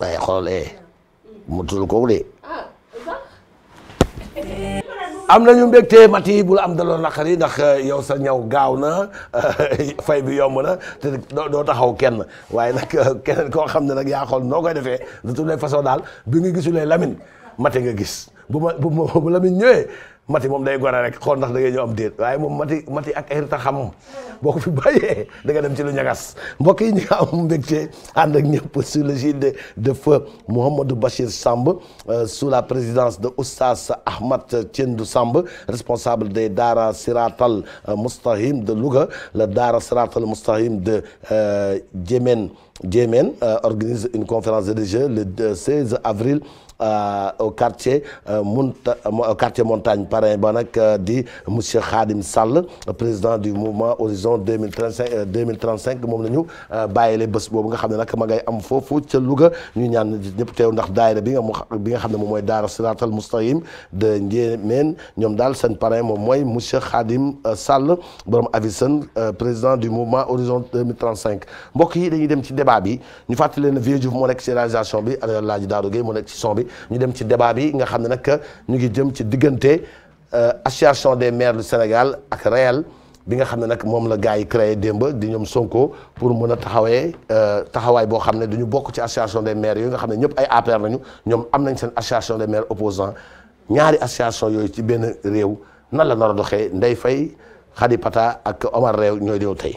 waaye xool eh. mu tudd kooku de. am nañu mbégte Mati bu la am daloo naqari ndax eh, yow sa ñaw gaaw na eh, [LAUGHS] fay bi yomb na te doo taxaw kenn waaye nag eh, keneen koo xam ne nag yaa xool noo koy defee de toutes les daal bi nga gisule lamin Mati nga gis bu ma bu mati moom day gore rek xool ndax da ngay ñëw am waaye moom mati mati ak ay rita bokk fi bàyyee da nga dem ci lu ñagas mbokk yi ñu nga am mbégte ànd de feu Mouhamadou Bachir Samb euh, su la présidence de Oustaz Ahmad Tiendou Samb responsable des Daara Siratal euh, Moustahim de Louga le Daara Siratal Moustahim de euh, Djemène Diémène euh, organise une conférence de jeu le 16 euh, avril euh, au quartier monta quartier montagne parrain ba nag di monsieur Khadim Sall président du mouvement Horizon 2035 2035 moom la ñu bàyyile bés boobu nga xam ne nag ma ngay am foofu ca Louga ñu ñaan ñëpp teew ndax daayira bi nga bi nga xam ne moom mooy daara siratal mustaqim de Ndiémène ñoom daal seen parrain moom mooy monsieur Khadim Sall borom Avicenne président du mouvement Horizon 2035 mbokk yi dañuy dem débat bi ñu fàttali leen ne Vieux Diouf moo nekk bi ak Laaji Daaru Gueye moo nekk ci son bi ñu dem ci débat bi nga xam ne nag ñu ngi jëm ci diggante euh, association des maires du Sénégal ak réel bi nga xam ne nag moom la gars yi créé démb di ñoom Sonko pour mën a taxawee euh, taxawaay boo xam ne duñu bokk ci association des maire yooyu nga xam ne ñëpp ay APR lañu ñoom am nañ seen association des maires opposants ñaari association yooyu ci benn réew nan la nar a doxee Ndeye Faye Khady ak Omar Réew ñooy réew tey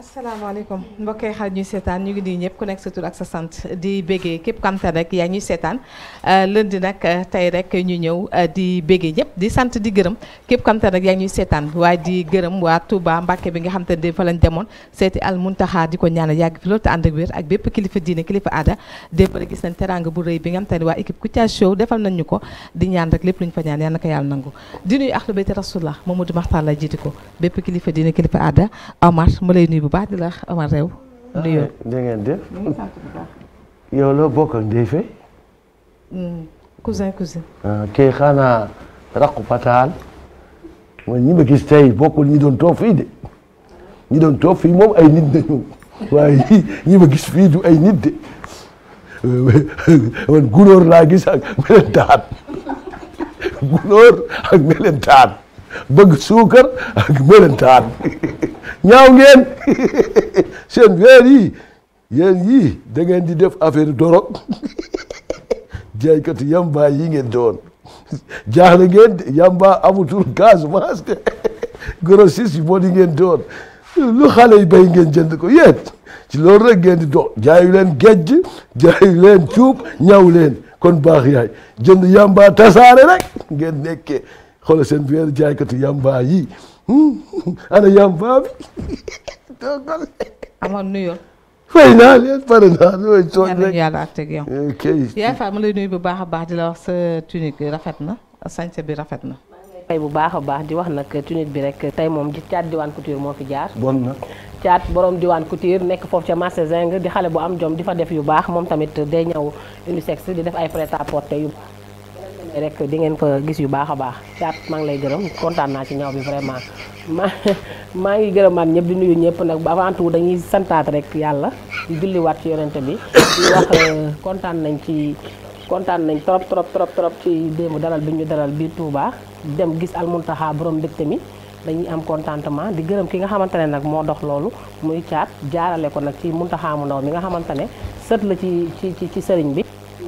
asalaamaaleykum mbokk yi xarit ñuy seetaan ñu ngi di ñëpp ku nekk sa tur ak sa sant di béggee képp kamte rek yaa ñuy seetaan euh, lundi nag euh, tey rek ñu ñëw euh, di béggee ñëpp di sant di gërëm képp kamte rek yaa ñuy seetaan waaye di gërëm waa Touba Mbacke bi nga xam te ne fa lañ demoon seeti al muntaxaa di ko ñaanal yàgg fi loolu te ànd ak wér ak bépp kilifa diine kilifa aada démb rek gis nañ teranga bu bi nga ne waa équipe Kouthia Show defal nañ ñu ko di ñaan rek lépp lu ñu fa ñaan yal na ko yàlla nangu di nuyu ahlu bayti rasulullah Mamadou Maxtar la jiiti ko kilifa diine kilifa ma lay nuyu baax di la Omar Rew. nuyoo da ah, ngeen def. bokk ak Ndeye Faye. Hmm, cousin cousin. Ah, kii xanaa raqu pataal. mooy ñi ma gis tey bokkul ñi doon toog fii de. ñi doon toog fii moom ay nit nañu waaye ñi ma gis fii du ay nit de [LAUGHS] man gunóor laa gis ak melentaan [LAUGHS] gunóor ak melentaan. bëgg suukar ak mërantaan ñaaw ngeen seen weer yii yéen yii da di def affaire dorog jaaykatu yamba yi ngeen doon jaaxle ngeen yamba amutul Casamance de grossiste yi moo di ngeen doon lu xale yi bay ngeen jënd ko yéen ci loolu rek geen di dox jaay leen gejj jaayu leen cuub ñaw leen kon baax yaay jënd yamba tasaare rek ngeen nekkee xoolal seen biir jaaykatu yamba yi [LAUGHS] ana yamba bi [LAUGHS] toogal. amoon nuyoo. fay naa leen pare naa looy toog rek yàlla ak teg yow. ok eh, yaay Fall ma lay nuyu bu baax a baax di la wax sa tunique bi rafet na sañse bi rafet na. tey bu baax a baax di wax nag tunique bi rek tey moom caat diwaan couture moo fi jaar. bon na caat borom diwaan couture nekk foofu ca marché Zing di xale bu am jom di fa def yu baax moom tamit day ñaw unisexe di def ay prêt à porter yu baax. rek di ngeen ko gis yu baax a baax caat maa lay gërëm kontaan naa ci ñaw bi vraiment maa [LAUGHS] maa ngi gërëmaat ñëpp di nuyu ñëpp nag avant dañuy santaat rek yàlla di julliwaat ci yonente bi di wax euh, kontaan nañ ci kontaan nañ trop trop trop trop ci démb dalal bi ñu dalal biir Touba dem gis almuntaha borom mbégte mi dañuy am contentement di gërëm ki nga xamante ne nag moo dox loolu muy caat jaarale ko nag ci muntaha mu ndaw mi nga xamante ne sët la ci ci ci sëriñ bi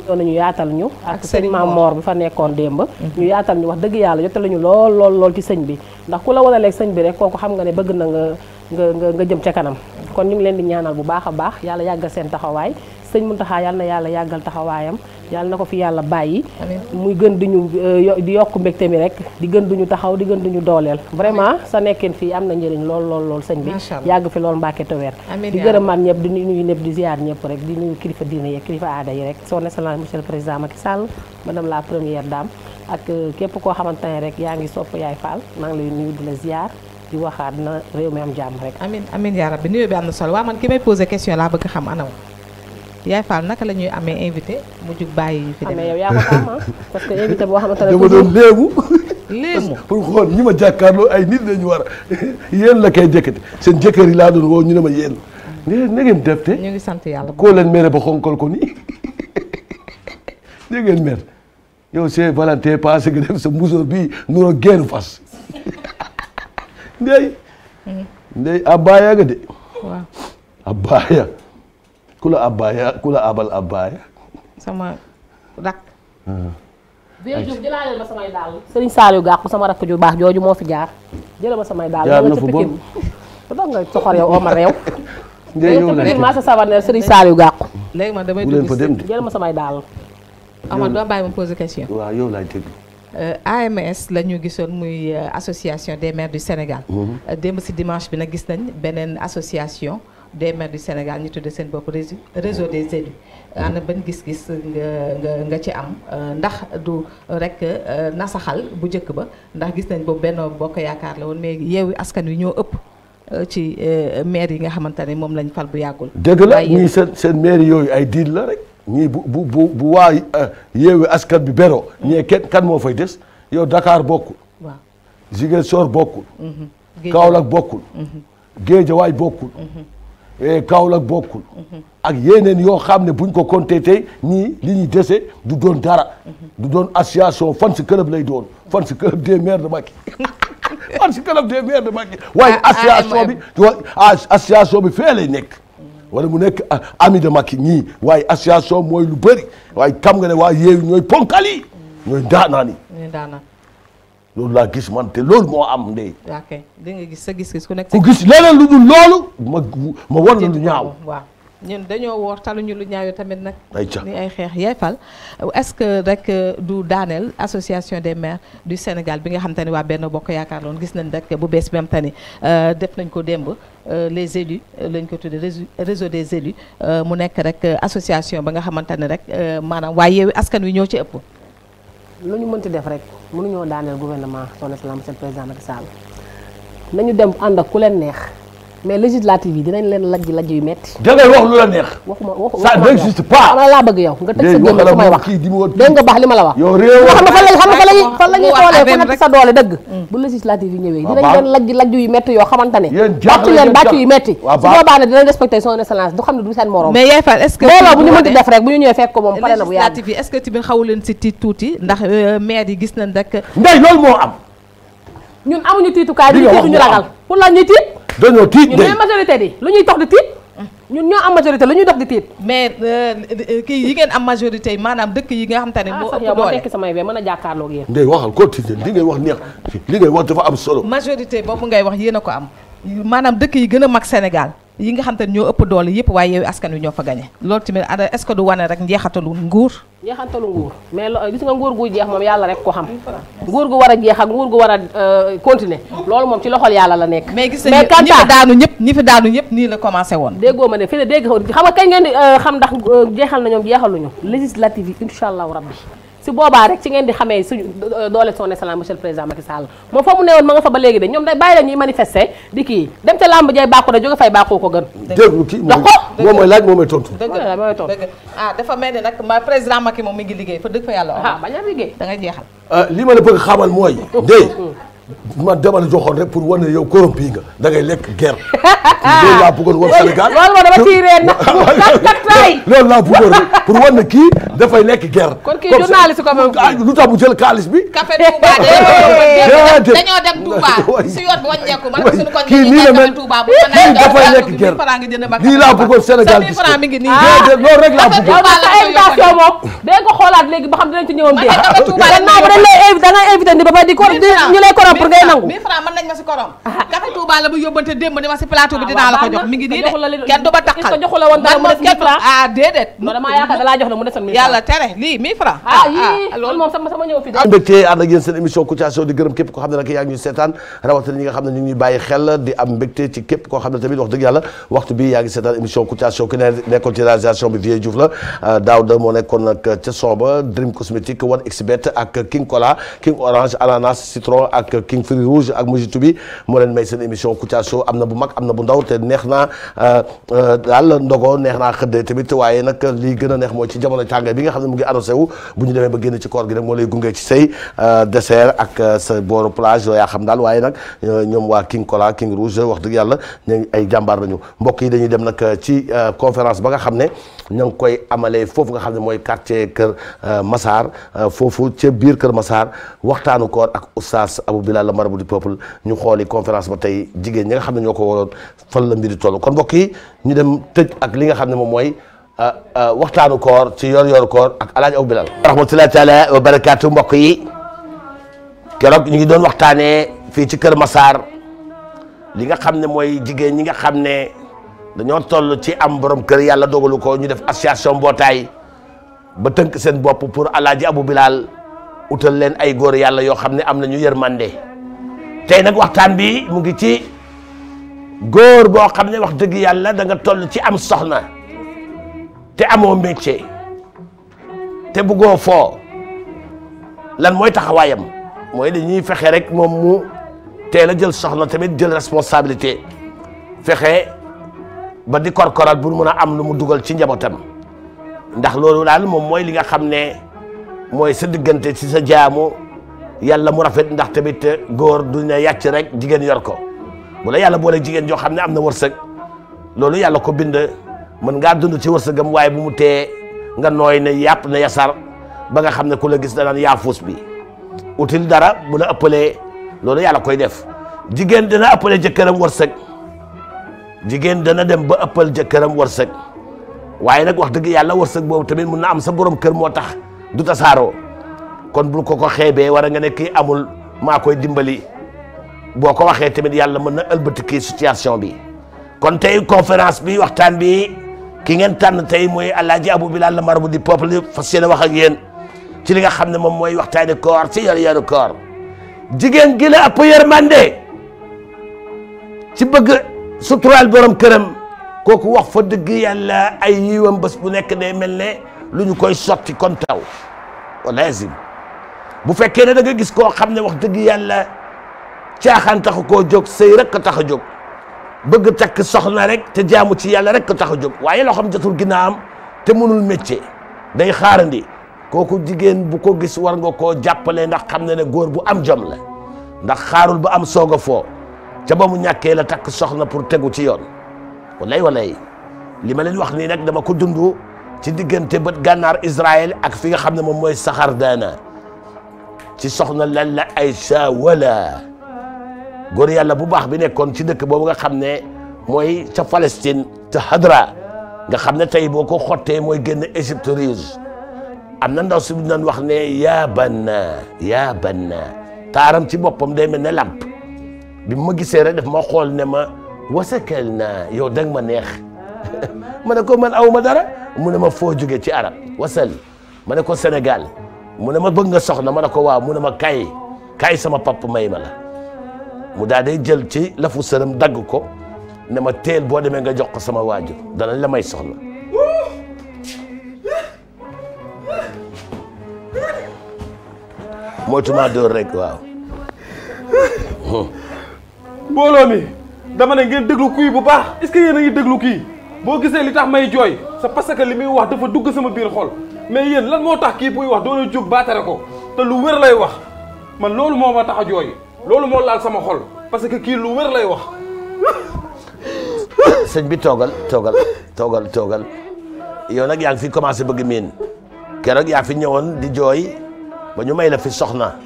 doon nañu yaatal ñu ak sëñ Maam Moor bi fa nekkoon démb mhm. ñu yaatal ñu wax dëgg yàlla jotal ñu lool lool lool ci sëñ bi ndax ku la wanaleeg sëñ bi rek kooku xam nga ne bëgg na nga nga nga jëm ca kanam kon ñu ngi leen di ñaanal bu baax a baax yàlla yàggal seen taxawaay sëñ taxaa yàlla na yàlla yàggal taxawaayam yàlla na ko fi yàlla bàyyi muy gën di ñu euh, di yokk mbégte mi rek di gën duñu taxaw di gën duñu dooleel vraiment sa nekkin fii am na njëriñ lool lool lool sëñ bi yàgg fi lool Mbàkke te weer di gërëmaat ñëpp di nuyu ñëpp di ziar ñëpp rek di nuyu kilifa diine yi kilifa aada yi rek son excellence monsieur le président Macky Sall madame la première dame ak euh, képp koo xamante ne rek yaa ngi sopp yaay Fall maa ngi lay nuyu di la ziar na réew mi am jàmm rek amin amin yaa rabbi yaay Fall naka la ñuy amee invité mu jug bàyyi ñu fi demee ah? que invité boo xamante dama doon léegu léegu pour xool ñi ma jàkkaarloo ay nit lañu war a [LAUGHS] yéen la koy jëkkati seen jëkkër yi laa doon woo ñu ne ma yéen na ñu ngi sant yàlla koo leen mere ba ko nii [LAUGHS] bi nuroo génn fas [LAUGHS] ndey mm-hmm. ndey abaya nga de waaw abaya ku la abbaaya ku abal sama rakk biir jub jëlaaleel ma samay Gàkku sama rakk ju baax jooju moo fi jaar jëla ma samay daal jaar na fu bon su danga soxor yow oma réew ndey ñëw nañ ma sa savanel sëriñ Saliou ma samay daal Amad doo bàyyi ma poser question waaw yow AMS euh, la gisoon muy euh, association des maire du Sénégal mhm. euh, démb si dimanche bi nag gis nañ beneen association des maires du Sénégal ñu tuddee seen bopp réseau réseau des élus mhm. ana benn gis-gis nga nga ci am euh, ndax du rek euh, nasaxal bu njëkk ba ndax gis nañ boobu benn bokk yaakaar la woon mais yeewi askan wi ñoo ëpp euh, ci maire yi nga xamante ne moom lañ fal bu yàggul. dëgg yooyu ay diil la rek bu bu bu waa yeewi bi beroo. Mhm. ñee kenn kan moo fay des yow Dakar bokkul. waaw Ziguinchor bokkul. Mhm. Kaolack bokkul. Guédiawaye bokkul. Eh, Kaolack bokkul ak yeneen yoo xam ne buñ ko compté tey ñii li ñuy dese du doon dara du doon association fan si club lay doon fan si club des maires de Macky [LAUGHS] fan si club waaye ah, ah, ah, association bi association lay nekk wala mu nekk ami de Macky ñii waaye association mooy lu bëri waaye xam nga ne waa yeewu ñooy ponkal yi ñooy loolu laa gis man te loolu moo am ndey. ok da nga gis sa gis-gis ku nekk. ku gis leneen lu dul loolu. ma ma war na lu ñaaw waaw. ñun dañoo woor ñu lu ñaaw tamit nag. ni ay xeex yaay fal est-ce que rek euh, du daaneel association des maire du Sénégal bi nga xam te ne waa benn bokk yaakaar loon gis nañ rek bu bees bi am te euh, def nañ ko démb euh, les élus lañ ko tuddee réseau des élus mu nekk rek association ba nga xamante ne rek maanaam waaye yeewi askan wi ñoo ci ëpp. lu ñu mënti def rek mënuñoo daaneel gouvernement son excellence monsieur le président Macky Sall nañu dem ànd ak ku leen neex. mais législative yi dinañ leen lajj lajj yu metti da wax lu la neex. waxuma waxuma ça n'existe pas. ana laa bëgg yow nga tëj sa gémmiñ su may wax dégg nga li ma la wax. yow xam nga fan lañ xam lañuy mm. yoo xamante ne. bàcc leen ne dinañ respecté son excellence na bu yàgg. législative tiit tuuti ndax euh, maire yi gis nañ rek. ndey loolu moo am. ñun amuñu tiitukaay ñu tiituñu ragal pour la tiit dañoo tiit de ñun majorité di lu ñuy dox di tiit. ñun ñoo am majorité lu ñuy dox di tiit. mais euh, kii yi ngeen am majorité maanaam dëkk yi nga xam te ne. Ah, moo ëpp moo tekki samay wee mën a jàkkaarloo ak yéen. ndey wax ko tiit li ngay wax neex li ngay wax dafa am solo. majorité boobu ngay wax yéen a ko am maanaam dëkk yi gën a mag Sénégal yi nga xam te ne ñoo ëpp doole yëpp waaye yow askan wi ñoo fa gañe loolu tamit ada est-ce que du wane rek njeexatalu nguur njeexantalu nguur mais gis nga nguur gu jeex moom yàlla rek ko xam nguur gu war a jeex ak nguur gu war a euh, continuer loolu moom ci loxol yàlla la nekk mais gis mais ñi ñëpp fi daanu ñëpp nii la commencé woon déggoo ma ne fi ne dégg xam nga kañ ngeen di euh, xam ndax euh, jeexal na ñoom jeexaluñu législative yi incha allahu rabbi su rek ci ngeen di xamee suñu euh, doole son excellence monsieur le président Macky Sall moom foo mu ne woon ma nga fa ba léegi de ñoom day bàyyi la ñuy manifester di kii dem ca làmb jay bàkku da jóge fay bàkkoo ko gën déglu kii moom mooy ah, ma président Macky mi ngi liggéey fa dëgg fa yàlla ah bañ a liggéey da nga jeexal euh, li ma la bëgg xamal mooy [LAUGHS] ndey ma dama joxoon rek pour wane yow corrompu nga da ngay lekk guerre. [LAUGHS] loolu laa bëggoon wan Sénégal loolu moo [LAUGHS] kii dafay lekk ger. kon kii journaliste ko moom lu tax mu jël xaalis bi. café de dañoo dem Touba si bi wàññeeku ma kii nii la mel kii dafay lekk ger nii laa bëggoon ko déedéet loolu rek laa bëggoon. yow sa invitation moom dinañ ko xoolaat léegi ba xam dinañ ci ñëwoon déet. gannaaw dañ lay invité ba pare di ko ñu lay korom pour ngay nangu. 1000 francs mën nañ ma la bu yóbbante démb ni ma si plateau bi dinaa la ko jox mi ngi nii de kenn du ba takkal man moom kenn ah déedéet. dama yaakaar da laa jox na mu desoon yàlla tere lii 1000 a ah, ah yii ah, loolu moom sama sama ñëw fi am mbégte ànd ak yéen di gërëm képp koo xam ne nag yaa ngi ñuy seetaan rawatina ñi nga xam ne ñu ngi ñuy bàyyi xel di am mbégte ci képp koo xam ne tamit wax dëgg yàlla waxtu bi yaa ngi ki ne nekkoon ci réalisation bi euh, moo nekkoon nag ca Soba Dream Cosmétique One Xbet ak King Cola King Orange Ananas Citron ak King Fruit Rouge ak Mojitu bi moo leen may seen émission Kouthia am na bu mag am na bu ndaw te neex naa euh, euh, daal ndogo neex naa xëddee tamit waaye nag lii gën a neex mooy ci jamono tànga sénégalais bi nga xam ne mu ngi arrosé wu bu ñu demee ba génn ci koor gi nag moo lay gunge ci say euh, dessert ak euh, sa booru plage yoo yaa xam daal waaye nag euh, ñoom waa King Cola King Rouge wax dëgg yàlla ñu ay jàmbaar lañu mbokk yi dañuy dem nag ci conférence ba nga xam ne ña ngi koy amalee foofu nga xam ne mooy quartier Kër Massar foofu ca biir Kër Massar waxtaanu koor ak oustaz Abou Bilal la marabout du peuple ñu xooli conférence ba tey jigéen ñi nga xam ne ñoo ko waroon fan la mbir di toll kon mbokk yi ñu dem tëj ak li nga xam ne moom mooy Euh, euh, waxtaanu koor ci yor yor koor ak alaaj aw bilal rahmatullahi taala wa barakaatu mbokk yi keroog ñu ngi doon waxtaanee fii ci kër Massar li nga xam ne mooy jigéen ñi nga xam ne dañoo toll ci am borom kër yàlla dogalu ko ñu def association mbootaay ba tënk seen bopp pour alaaji abu bilal utal leen ay góor yàlla yoo xam ne am nañu yërmande tey mu ngi ci góor boo ne wax dëgg yàlla da nga ci am soxna te amoo métier te bëggoo foo lan mooy taxawaayam mooy dañuy fexe rek moom mu teel a jël soxna tamit jël responsabilité fexe ba di korkoral bu mun a am lu mu dugal ci njabootam ndax loolu daal moom mooy li nga xam ne mooy sa diggante ci sa jaamu yàlla mu rafet ndax tamit góor du ne yàcc rek jigéen yor ko bu la yàlla boole jigéen joo xam ne am na wërsëg loolu yàlla ko bind mën ngaa dund ci wërsëgam waaye bu mu tee nga nooy ne yàpp na yasar ba nga xam ne ku la gis danaan yaafuus bi util dara bu la ëppalee loolu yàlla koy def jigéen dana ëppale jëkkëram wërsëg jigéen dana dem ba ëppal jëkkëram wërsëg waaye nag wax dëgg yàlla wërsëg boobu tamit mun na am sa borom kër moo tax du tasaaroo kon bul ko ko xeebee war a nga ne kii amul maa koy dimbali boo ko waxee tamit yàlla mën na ëlbati kii situation bi kon tey conférence bi waxtaan bi ki ngeen tànn tey mooy alaaji abou bilal la bu du peuple fas yéene wax ak yéen ci li nga xam ne moom mooy waxtaane koor ci yor yoru koor jigéen gi la ëpp yërmande ci bëgg suturaal borom këram kooku wax fa dëgg yàlla ay yiwam bés bu nekk day mel ne lu ñu koy sotti comme taw lazim bu fekkee ne da gis koo xam ne wax dëgg yàlla caaxaan taxu koo jóg sëy rek tax a jóg bëgg takk soxna rek te jaamu ci yàlla rek ko tax a jóg waaye loo xam jotul ginnaawam te mënul métier day xaarandi kooku jigéen bu ko gis war ngoo koo jàppale ndax xam na ne góor bu am jom la ndax xaarul bu am soog a foo ca ba mu ñàkkee la takk soxna pour tegu ci yoon walay walay li ma leen wax nii nag dama ko dund ci diggante bët gànnaar Israël ak fi nga xam ne moom mooy saxar daana ci soxna lan ay sa wala góor yàlla bu baax bi nekkoon ci dëkk boobu nga xam ne mooy ca Palestine ca Hadra nga xam ne tey boo ko xottee mooy génn Égypte riche am na ndaw si bu wax ne yaa banna yaa banna taaram ci boppam day mel ne làmp bi ma gisee rek daf ma xool ne ma wasakal naa yow da nga ma neex [LAUGHS] ma ne ko man aw dara mu ne ma foo jóge ci arab wasal ma ne ko Sénégal mu ne ma bëgg nga soxna ma ne ko waaw mu ne ma kay kay sama papa may mala mu daal day jël ci lafu sëram dagg ko ne ma teel boo demee nga jox ko sama waajur danañ la may soxla moytuma dóor rek waaw mbooloo mi dama ne ngeen déglu kii bu baax est-ce que yéen a ngi déglu kii boo gisee li tax may jooy c'est parce que li muy wax dafa dugg sama biir xol mais yéen lan moo tax kii buy wax doona jóg baatare ko te lu wér lay wax man loolu moo ma tax a jooy loolu moo laal sama xol parce que kii lu wér lay wax. sëñ bi toogal toogal toogal toogal yow nag yaa fi commencé bëgg miin keroog yaa fi ñëwoon di jooy ba ñu may la fi soxna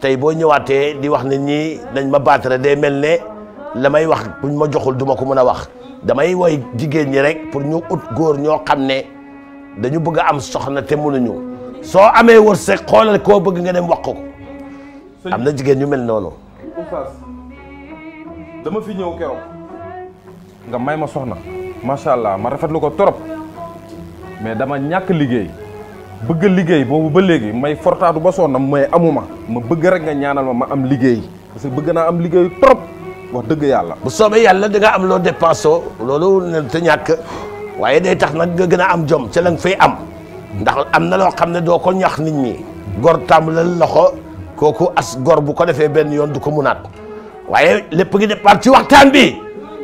tey boo ñëwaatee di wax nit ñi dañ ma baatare day mel ne la may wax buñ ma joxul duma ko mën a wax damay woy jigéen ñi rek pour ñu ut góor ñoo xam ne dañu bëgg a am soxna te mënuñu soo amee wërsëg xoolal koo bëgg nga dem wax ko. am na jigéen ñu mel noonu. oustaz dama fi ñëw keroog nga may ma soxna macha allah ma rafetlu ko trop mais dama ñàkk liggéey bëgg liggéey boobu ba léegi may fortaatu ba soxna mooy amuma ma bëgg rek nga ñaanal ma ma am liggéey parce que bëgg naa am liggéey trop wax dëgg yàlla. bu soobee yàlla danga am loo dépensé loolu ne te ñàkk waaye day tax nag nga gën a am jom ca la nga am ndax am na loo xam ne doo ko ñax nit ñi. gor tàmbalal loxo. kooku as gor bu ko defee benn yoon du ko munaat waaye lépp ngi départ ci waxtaan bi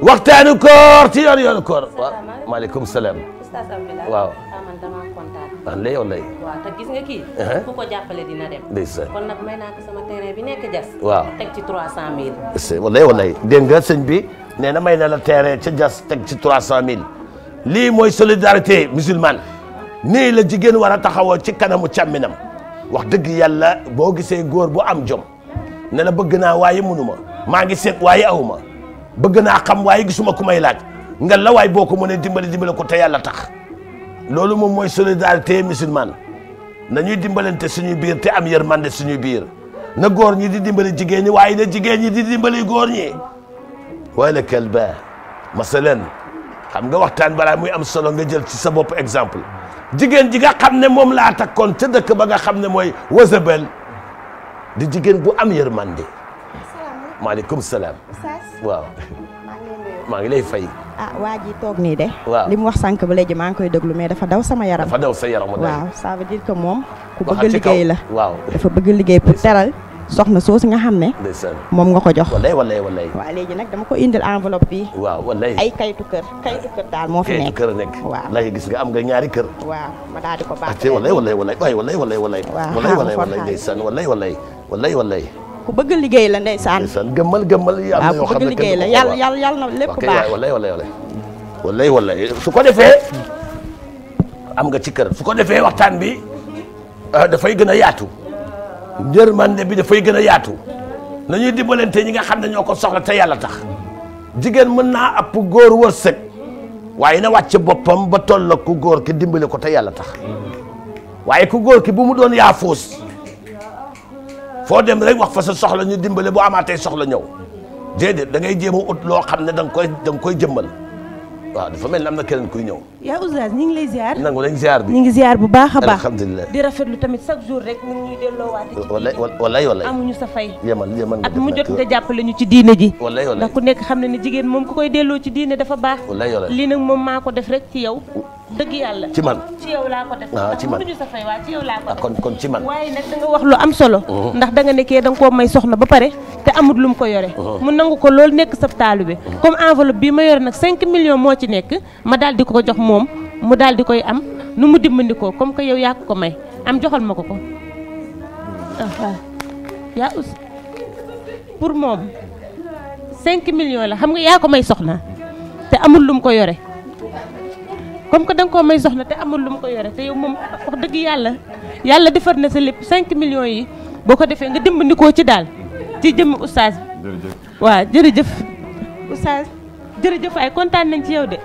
waxtaan koor ci yoon yoonu koor waaw maaleykum salaam waaw waaw léegi yow lay. waaw te gis nga kii. Uh-huh. ku ko jàppale dina waaw teg ci 300000. c'est walaay dégg nga sëñ bi nee na may na la terrain ca Diass teg ci 300000 lii mooy solidarité musulmane nii la jigéen war a taxawoo ci kanamu càmminam. wax dëgg yàlla boo gisee góor bu am jom ne la bëgg naa waaye munuma maa ngi seet waaye awuma bëgg naa xam waaye gisuma ku may laaj nga la waay boo ko mënee dimbale dimbale ko te yàlla tax loolu moom mooy solidarité musulmane nañuy dimbalante suñuy biir te am yërmande suñuy biir na góor ñi di dimbale jigéen ñi waaye na jigéen ñi di dimbale góor ñi wala kalba masalan xam nga waxtaan balaa muy am solo nga jël ci sa bopp exemple jigéen ji nga xam ne moom laa takk takkoon ca dëkk ba nga xam ne mooy wasabel di jigéen bu am yërmande maaleykum salaam waaw maa ngi lay fay ah waa ji toog nii de waaw li mu wax sànq ba léegi maa ngi koy déglu mais dafa daw sama yaram dafa sa yaram waaw ça veut dire moom ku bëgg liggéey la waaw dafa bëgg liggéey pour teral soxna soosu nga xam ne. moom nga ko jox. wallay wallay wallay. waaw léegi nag dama ko indil enveloppe bi. waaw wallay ay kayitu kër kayitu kër daal moo fi nekk. nekk. waaw lay gis nga am nga ñaari kër. waaw ma daal di ko baax. te wallay wallay wallay waay wallay wallay wallay. waaw wallay wallay ndeysaan wallay wallay wallay wallay. ku bëgg liggéey la ndeysaan. ndeysaan gëmmal gëmmal. yi am na yoo xam ne kenn du ko yàlla yàlla na lépp baax wallay wallay wallay wallay su ko defee am nga ci kër su ko defee waxtaan bi euh, dafay gën a yaatu yërmande bi dafay gën a yaatu nañuy dimbalante ñi nga xam ne ñoo ko soxla te yàlla tax jigéen mën naa app góor wërsëg waaye na wàcc boppam ba tolla ku góor ki dimbale ko te yàlla tax waaye ku góor ki bu mu doon yaafuus foo dem rek wax fa sa soxla ñu dimbale bu amaatee soxla ñëw déedéet da ngay jéem a loo xam ne da nga koy da nga koy jëmmal waaw dafa mel ni am na keneen kuy ñëw. yaa oustaz ñu ngi lay ziar. nangu lañ ziar bi ñu ngi ziar bu baax a baax. alhamdulilah tamit chaque jour rek ñu ngi ñuy delloowaate. walay amuñu sa fay. yemal yemal nga at mu jot nga jàppale ñu ci diine ji. walay walay ndax ku nekk xam ne ne jigéen moom ku koy delloo ci diine dafa baax. walay walay lii nag moom maa ko def rek ci yow. dëgg yàlla ci man ci yow laa ko def ah, ci man ko ah, kon kon ci man waaye nag lu am solo mm-hmm. ndax danga nga nekkee da koo may soxna ba pare te amut lu mu ko yore mm-hmm. mu nangu ko loolu nekk sa taalibe mm-hmm. comme enveloppe bi ma yore nag 5 millions moo ci nekk ma daal di ko jox moom mu daal di koy am nu mu dimbandikoo comme que yow yaa ko may am joxal ma ko ko ah, pour moom cinq millions la xam nga yaa ko may soxna te amul lu mu ko yore comme que da nga koo may soxna te amul lu mu ko yore te yow moom wax dëgg yàlla yàlla defar na sa lépp 5 millions yi boo ko defee nga dimbali koo ci daal ci jëmm oustaz waa waaw jërëjëf oustaz jërëjëf ay kontaan nañ ci yow de.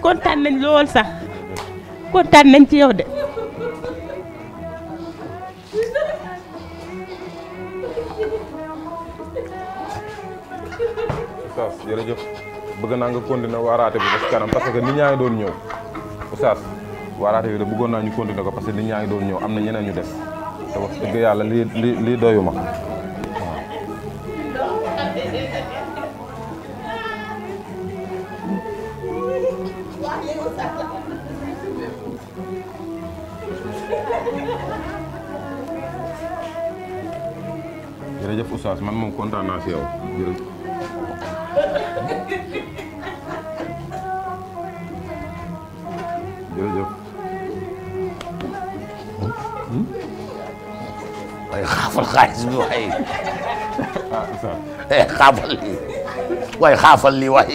kontaan nañ lool sax kontaan nañ ci yow de. oustaz jërëjëf bëgg naa nga continuer waaraate bi ba ci kanam parce que nit ñaa doon ñëw. Oustaz waaraate bi de bëggoon naa ñu continuer ko parce que nit ñaa ngi doon ñëw am na ñeneen ñu des te wax dëgg yàlla lii lii lii doyuma waaw. jërëjëf Oustaz man moom kontaan si yow xaafal xaalis bi waaye eh xaafal lii waaye xaafal lii waaye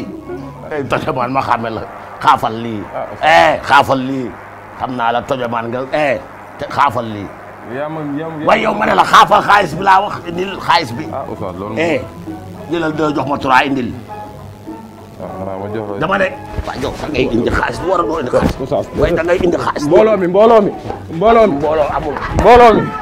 tojamaan ma xame la xaafal lii eh xaafal lii xam naa la tojamaan nga eh xaafal lii waaye yow ma ne la xaafal xaalis bi laa wax indil xaalis bi eh jëlal doo jox ma trois indil dama ne waa jox da ngay indi xaalis bu war a doo indi xaalis waaye da ngay indi xaalis mbooloo mi mbooloo mi mbooloo mi mbooloo amul mbooloo mi